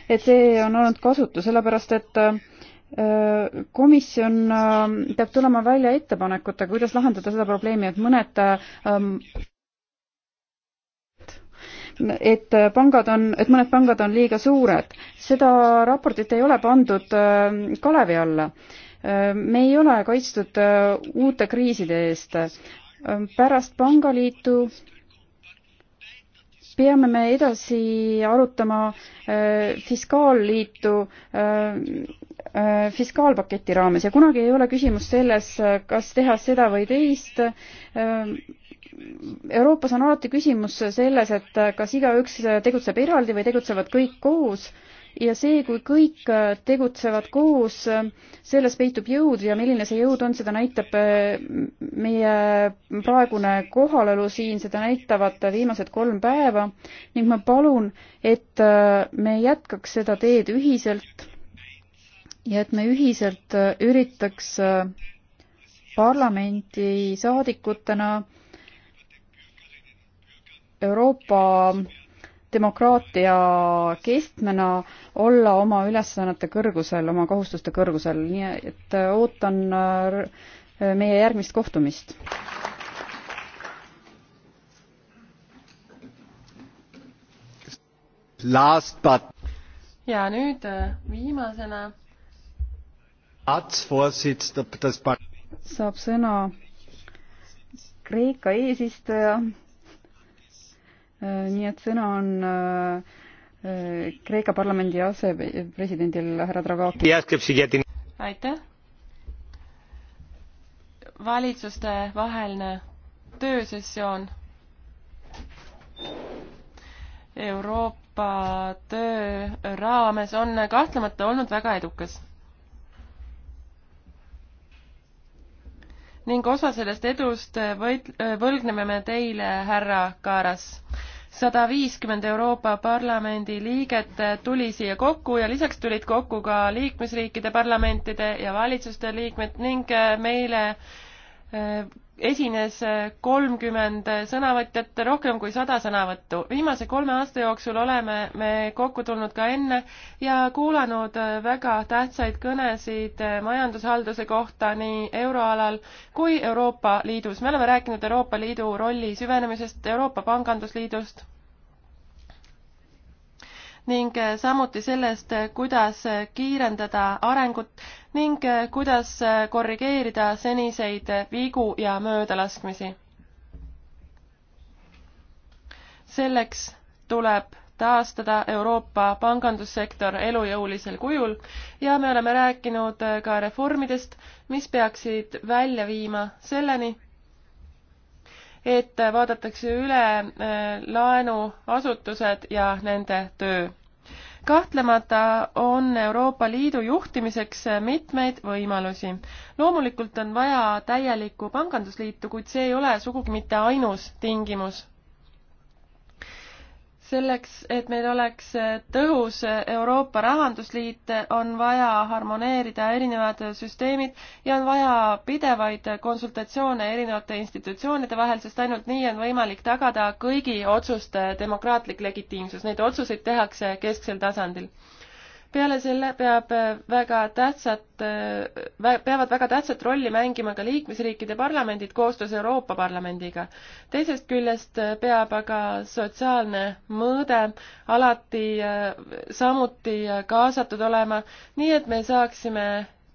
et see on olnud kasutu, sellepärast et äh, komisjon äh, peab tulema välja ettepanekutega, kuidas lahendada seda probleemi, et mõned äh, et pangad on, et mõned pangad on liiga suured. seda raportit ei ole pandud äh, kalevi alla. Äh, me ei ole kaitstud äh, uute kriiside eest. pärast pangaliitu peame me edasi arutama fiskaalliitu fiskaalpaketi raames ja kunagi ei ole küsimus selles, kas teha seda või teist. Euroopas on alati küsimus selles, et kas igaüks tegutseb eraldi või tegutsevad kõik koos ja see, kui kõik tegutsevad koos, selles peitub jõud ja milline see jõud on, seda näitab meie praegune kohalolu siin, seda näitavad viimased kolm päeva ning ma palun, et me jätkaks seda teed ühiselt ja et me ühiselt üritaks parlamendi saadikutena Euroopa demokraatia kestmena olla oma ülesannete kõrgusel, oma kohustuste kõrgusel, nii et äh, ootan äh, meie järgmist kohtumist. Last but ja nüüd äh, viimasena saab sõna Kreeka eesistuja Äh, nii et sõna on äh, äh, Kreeka parlamendi asepresidendil härra Dragaki. aitäh. valitsuste vaheline töösessioon. Euroopa töö raames on kahtlemata olnud väga edukas ning osa sellest edust võit-, võlgneme me teile, härra Kaaras sada viiskümmend Euroopa Parlamendi liiget tuli siia kokku ja lisaks tulid kokku ka liikmesriikide parlamentide ja valitsuste liikmed ning meile esines kolmkümmend sõnavõtjat, rohkem kui sada sõnavõttu. viimase kolme aasta jooksul oleme me kokku tulnud ka enne ja kuulanud väga tähtsaid kõnesid majandushalduse kohta nii euroalal kui Euroopa Liidus. me oleme rääkinud Euroopa Liidu rolli süvenemisest, Euroopa Pangandusliidust ning äh, samuti sellest, äh, kuidas äh, kiirendada arengut ning kuidas korrigeerida seniseid vigu ja möödalaskmisi. selleks tuleb taastada Euroopa pangandussektor elujõulisel kujul ja me oleme rääkinud ka reformidest, mis peaksid välja viima selleni, et vaadatakse üle äh, laenuasutused ja nende töö. kahtlemata on Euroopa Liidu juhtimiseks äh, mitmeid võimalusi. loomulikult on vaja täielikku pangandusliitu, kuid see ei ole sugugi mitte ainus tingimus selleks, et meil oleks tõhus Euroopa Rahandusliit, on vaja harmoneerida erinevad süsteemid ja on vaja pidevaid konsultatsioone erinevate institutsioonide vahel, sest ainult nii on võimalik tagada kõigi otsuste demokraatlik legitiimsus. Neid otsuseid tehakse kesksel tasandil peale selle peab äh, väga tähtsat, äh, peavad väga tähtsat rolli mängima ka liikmesriikide parlamendid koostöös Euroopa Parlamendiga. teisest küljest äh, peab aga sotsiaalne mõõde alati samuti kaasatud olema, nii et me saaksime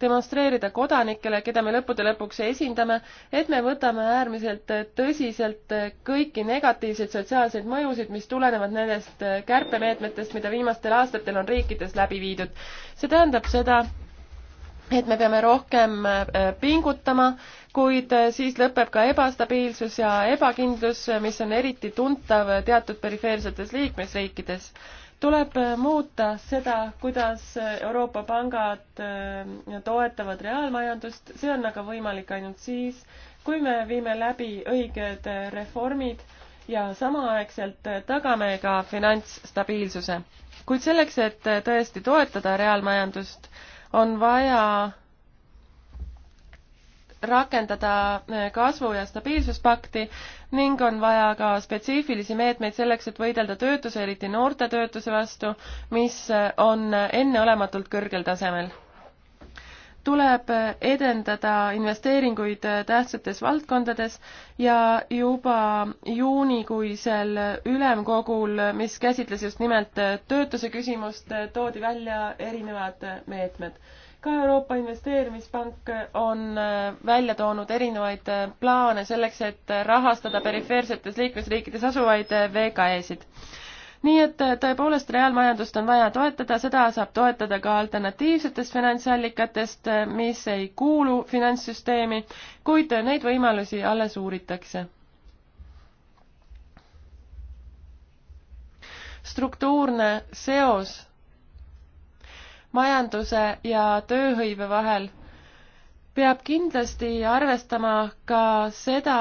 demonstreerida kodanikele, keda me lõppude lõpuks esindame, et me võtame äärmiselt tõsiselt kõiki negatiivseid sotsiaalseid mõjusid, mis tulenevad nendest kärpemeetmetest, mida viimastel aastatel on riikides läbi viidud. see tähendab seda, et me peame rohkem äh, pingutama, kuid äh, siis lõpeb ka ebastabiilsus ja ebakindlus, mis on eriti tuntav teatud perifeersetes liikmesriikides tuleb äh, muuta seda, kuidas äh, Euroopa pangad äh, toetavad reaalmajandust, see on aga võimalik ainult siis, kui me viime läbi õiged reformid ja samaaegselt tagame ka finantsstabiilsuse. kuid selleks, et tõesti toetada reaalmajandust, on vaja rakendada kasvu- ja stabiilsuspakti, ning on vaja ka spetsiifilisi meetmeid selleks, et võidelda töötuse, eriti noorte töötuse vastu, mis on enneolematult kõrgel tasemel. tuleb edendada investeeringuid tähtsates valdkondades ja juba juunikuisel ülemkogul, mis käsitles just nimelt töötuse küsimust, toodi välja erinevad meetmed ka Euroopa Investeerimispank on äh, välja toonud erinevaid äh, plaane selleks, et äh, rahastada perifeersetes liikmesriikides asuvaid VKE-sid nii et tõepoolest reaalmajandust on vaja toetada, seda saab toetada ka alternatiivsetest finantsallikatest, mis ei kuulu finantssüsteemi, kuid neid võimalusi alles uuritakse. struktuurne seos majanduse ja tööhõive vahel, peab kindlasti arvestama ka seda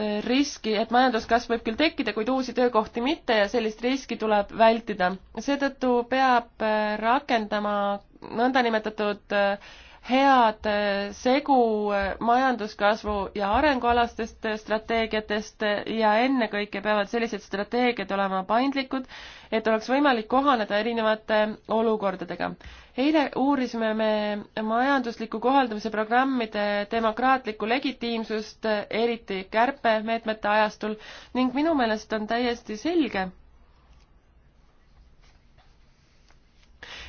eh, riski, et majanduskasv võib küll tekkida, kuid uusi töökohti mitte ja sellist riski tuleb vältida. seetõttu peab eh, rakendama nõndanimetatud äh, head eh, segu eh, majanduskasvu ja arengualastest eh, strateegiatest ja ennekõike peavad sellised strateegiad olema paindlikud, et oleks võimalik kohaneda erinevate olukordadega. eile uurisime me majandusliku kohaldamise programmide demokraatlikku legitiimsust, eriti kärpemeetmete ajastul ning minu meelest on täiesti selge,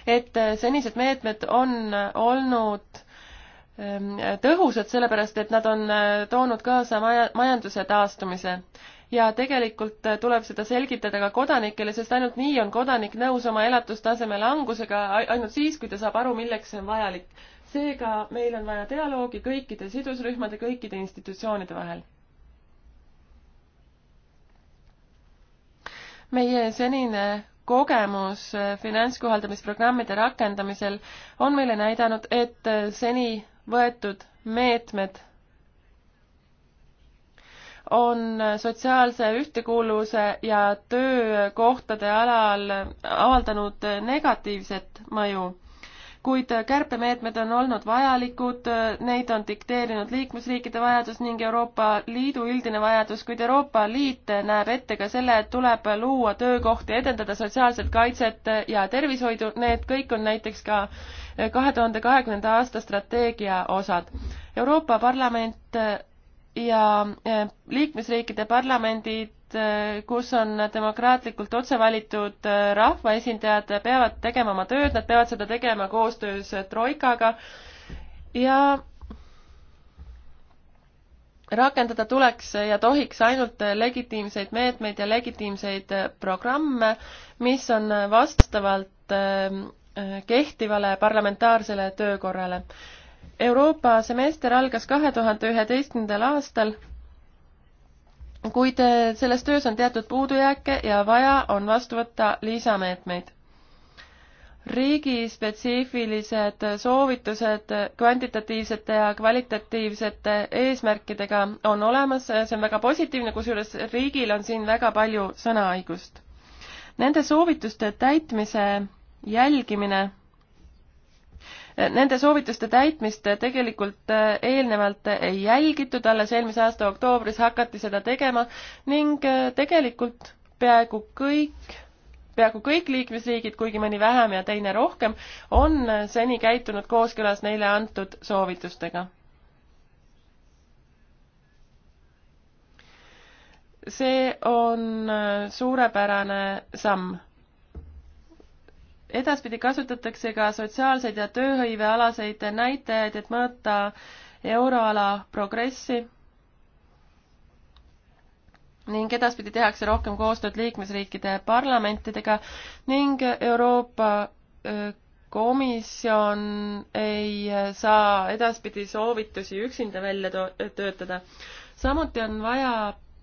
et äh, senised meetmed on äh, olnud ähm, tõhusad, sellepärast et nad on äh, toonud kaasa maja, majanduse taastumise. ja tegelikult tuleb seda selgitada ka kodanikele, sest ainult nii on kodanik nõus oma elatustaseme langusega, ainult siis, kui ta saab aru, milleks see on vajalik. seega meil on vaja dialoogi kõikide sidusrühmade, kõikide institutsioonide vahel. meie senine kogemus eh, finantskohaldamisprogrammide rakendamisel on meile näidanud, et eh, seni võetud meetmed on eh, sotsiaalse ühtekuuluvuse ja töökohtade alal avaldanud negatiivset mõju kuid kärpemeetmed on olnud vajalikud, neid on dikteerinud liikmesriikide vajadus ning Euroopa Liidu üldine vajadus, kuid Euroopa Liit näeb ette ka selle, et tuleb luua töökohti, edendada sotsiaalset kaitset ja tervishoidu, need kõik on näiteks ka kahe tuhande kahekümnenda aasta strateegia osad. Euroopa Parlament ja eh, liikmesriikide parlamendid Eh, kus on demokraatlikult otse valitud eh, rahvaesindajad, peavad tegema oma tööd, nad peavad seda tegema koostöös Troikaga ja rakendada tuleks ja tohiks ainult legitiimseid meetmeid ja legitiimseid programme, mis on vastavalt eh, kehtivale parlamentaarsele töökorrale. Euroopa semester algas kahe tuhande üheteistkümnendal aastal kuid äh, selles töös on teatud puudujääke ja vaja on vastu võtta lisameetmeid. riigispetsiifilised soovitused kvantitatiivsete ja kvalitatiivsete eesmärkidega on olemas, see on väga positiivne, kusjuures riigil on siin väga palju sõnaõigust. Nende soovituste täitmise jälgimine Nende soovituste täitmist tegelikult äh, eelnevalt ei jälgitud, alles eelmise aasta oktoobris hakati seda tegema ning äh, tegelikult peaaegu kõik peaaegu kõik liikmesriigid, kuigi mõni vähem ja teine rohkem, on äh, seni käitunud kooskõlas neile antud soovitustega. see on suurepärane samm edaspidi kasutatakse ka sotsiaalseid ja tööhõivealaseid näitajaid, et mõõta euroala progressi ning edaspidi tehakse rohkem koostööd liikmesriikide parlamentidega ning Euroopa Komisjon ei saa edaspidi soovitusi üksinda välja töötada. samuti on vaja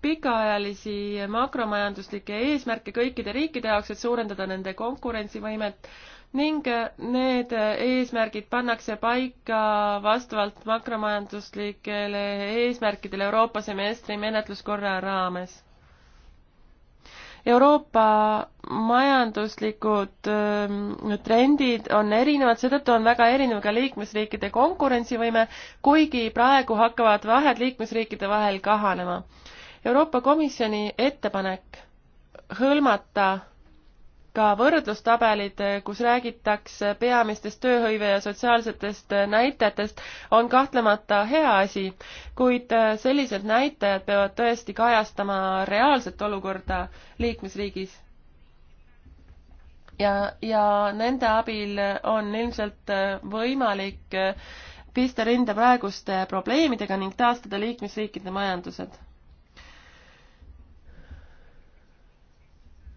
pikaajalisi makromajanduslikke eesmärke kõikide riikide jaoks, et suurendada nende konkurentsivõimet ning need eesmärgid pannakse paika vastavalt makromajanduslikele eesmärkidele Euroopa semestri menetluskorra raames. Euroopa majanduslikud ähm, trendid on erinevad, seetõttu on väga erinev ka liikmesriikide konkurentsivõime, kuigi praegu hakkavad vahed liikmesriikide vahel kahanema Euroopa Komisjoni ettepanek hõlmata ka võrdlustabelid, kus räägitakse peamistest tööhõive ja sotsiaalsetest näitajatest, on kahtlemata hea asi, kuid sellised näitajad peavad tõesti kajastama reaalset olukorda liikmesriigis. ja, ja nende abil on ilmselt võimalik pista rinda praeguste probleemidega ning taastada liikmesriikide majandused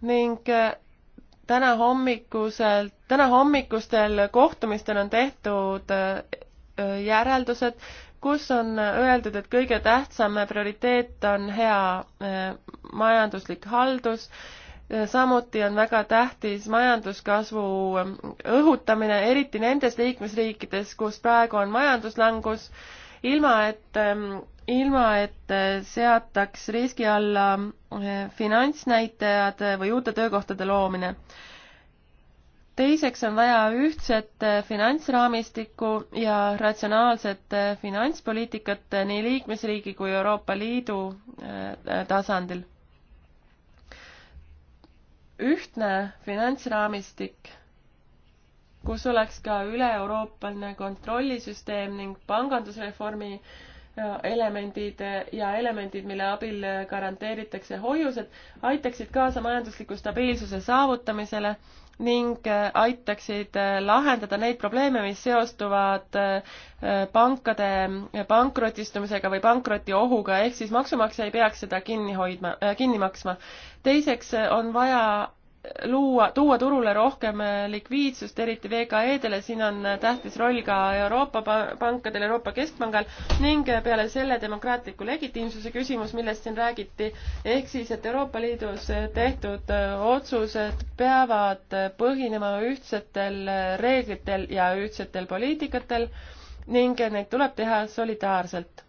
ning äh, täna hommikuselt, täna hommikustel kohtumistel on tehtud äh, äh, järeldused, kus on öeldud, et kõige tähtsam prioriteet on hea majanduslik haldus, samuti on väga tähtis majanduskasvu õhutamine, eriti nendes liikmesriikides, kus praegu on majanduslangus, ilma et ähm, ilma, et äh, seataks riski alla äh, finantsnäitajad äh, või uute töökohtade loomine. teiseks on vaja ühtset finantsraamistikku ja ratsionaalset finantspoliitikat nii liikmesriigi kui Euroopa Liidu tasandil. ühtne finantsraamistik, kus oleks ka üle-euroopaline kontrollisüsteem ning pangandusreformi äh, elemendid ja elemendid, mille abil garanteeritakse hoiused, aitaksid kaasa majandusliku stabiilsuse saavutamisele ning aitaksid lahendada neid probleeme, mis seostuvad äh, pankade pankrotistumisega või pankrotiohuga, ehk siis maksumaksja ei peaks seda kinni hoidma, äh, kinni maksma. teiseks on vaja luua, tuua turule rohkem äh, likviidsust, eriti VKE-dele, siin on äh, tähtis roll ka Euroopa pankadel, Euroopa Keskpangal ning äh, peale selle demokraatliku legitiimsuse küsimus, millest siin räägiti, ehk siis, et Euroopa Liidus tehtud otsused peavad põhinema ühtsetel reeglitel ja ühtsetel poliitikatel ning neid tuleb teha solidaarselt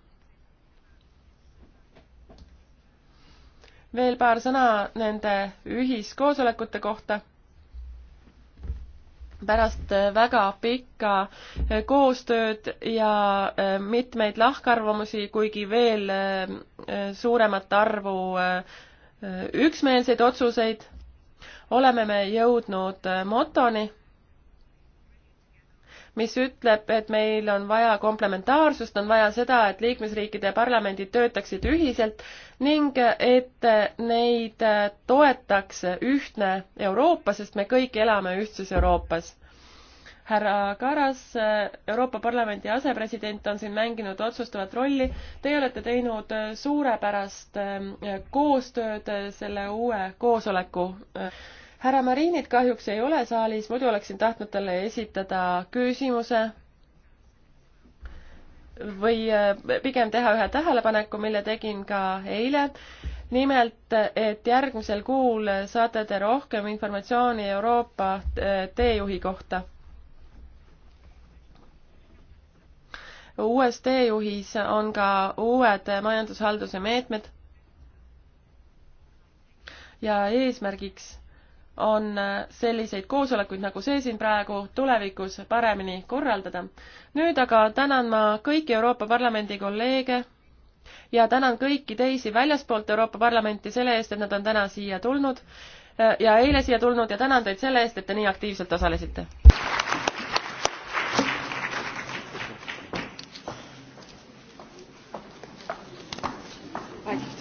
veel paar sõna nende ühiskoosolekute kohta. pärast väga pikka koostööd ja e, mitmeid lahkarvamusi, kuigi veel e, e, suuremat arvu üksmeelseid otsuseid, oleme me jõudnud motoni mis ütleb, et meil on vaja komplementaarsust, on vaja seda, et liikmesriikide parlamendid töötaksid ühiselt ning et neid toetaks ühtne Euroopa, sest me kõik elame ühtses Euroopas. härra Karas, Euroopa Parlamendi asepresident, on siin mänginud otsustavat rolli. Teie olete teinud suurepärast äh, koostööd selle uue koosoleku äh, härra Marinit kahjuks ei ole saalis, muidu oleksin tahtnud talle esitada küsimuse või äh, pigem teha ühe tähelepaneku, mille tegin ka eile. nimelt, et järgmisel kuul saate te rohkem informatsiooni Euroopa äh, teejuhi kohta. uues teejuhis on ka uued majandushalduse meetmed ja eesmärgiks on äh, selliseid koosolekuid nagu see siin praegu tulevikus paremini korraldada. nüüd aga tänan ma kõiki Euroopa Parlamendi kolleege ja tänan kõiki teisi väljaspoolt Euroopa Parlamenti selle eest, et nad on täna siia tulnud äh, ja eile siia tulnud ja tänan teid selle eest, et te nii aktiivselt osalesite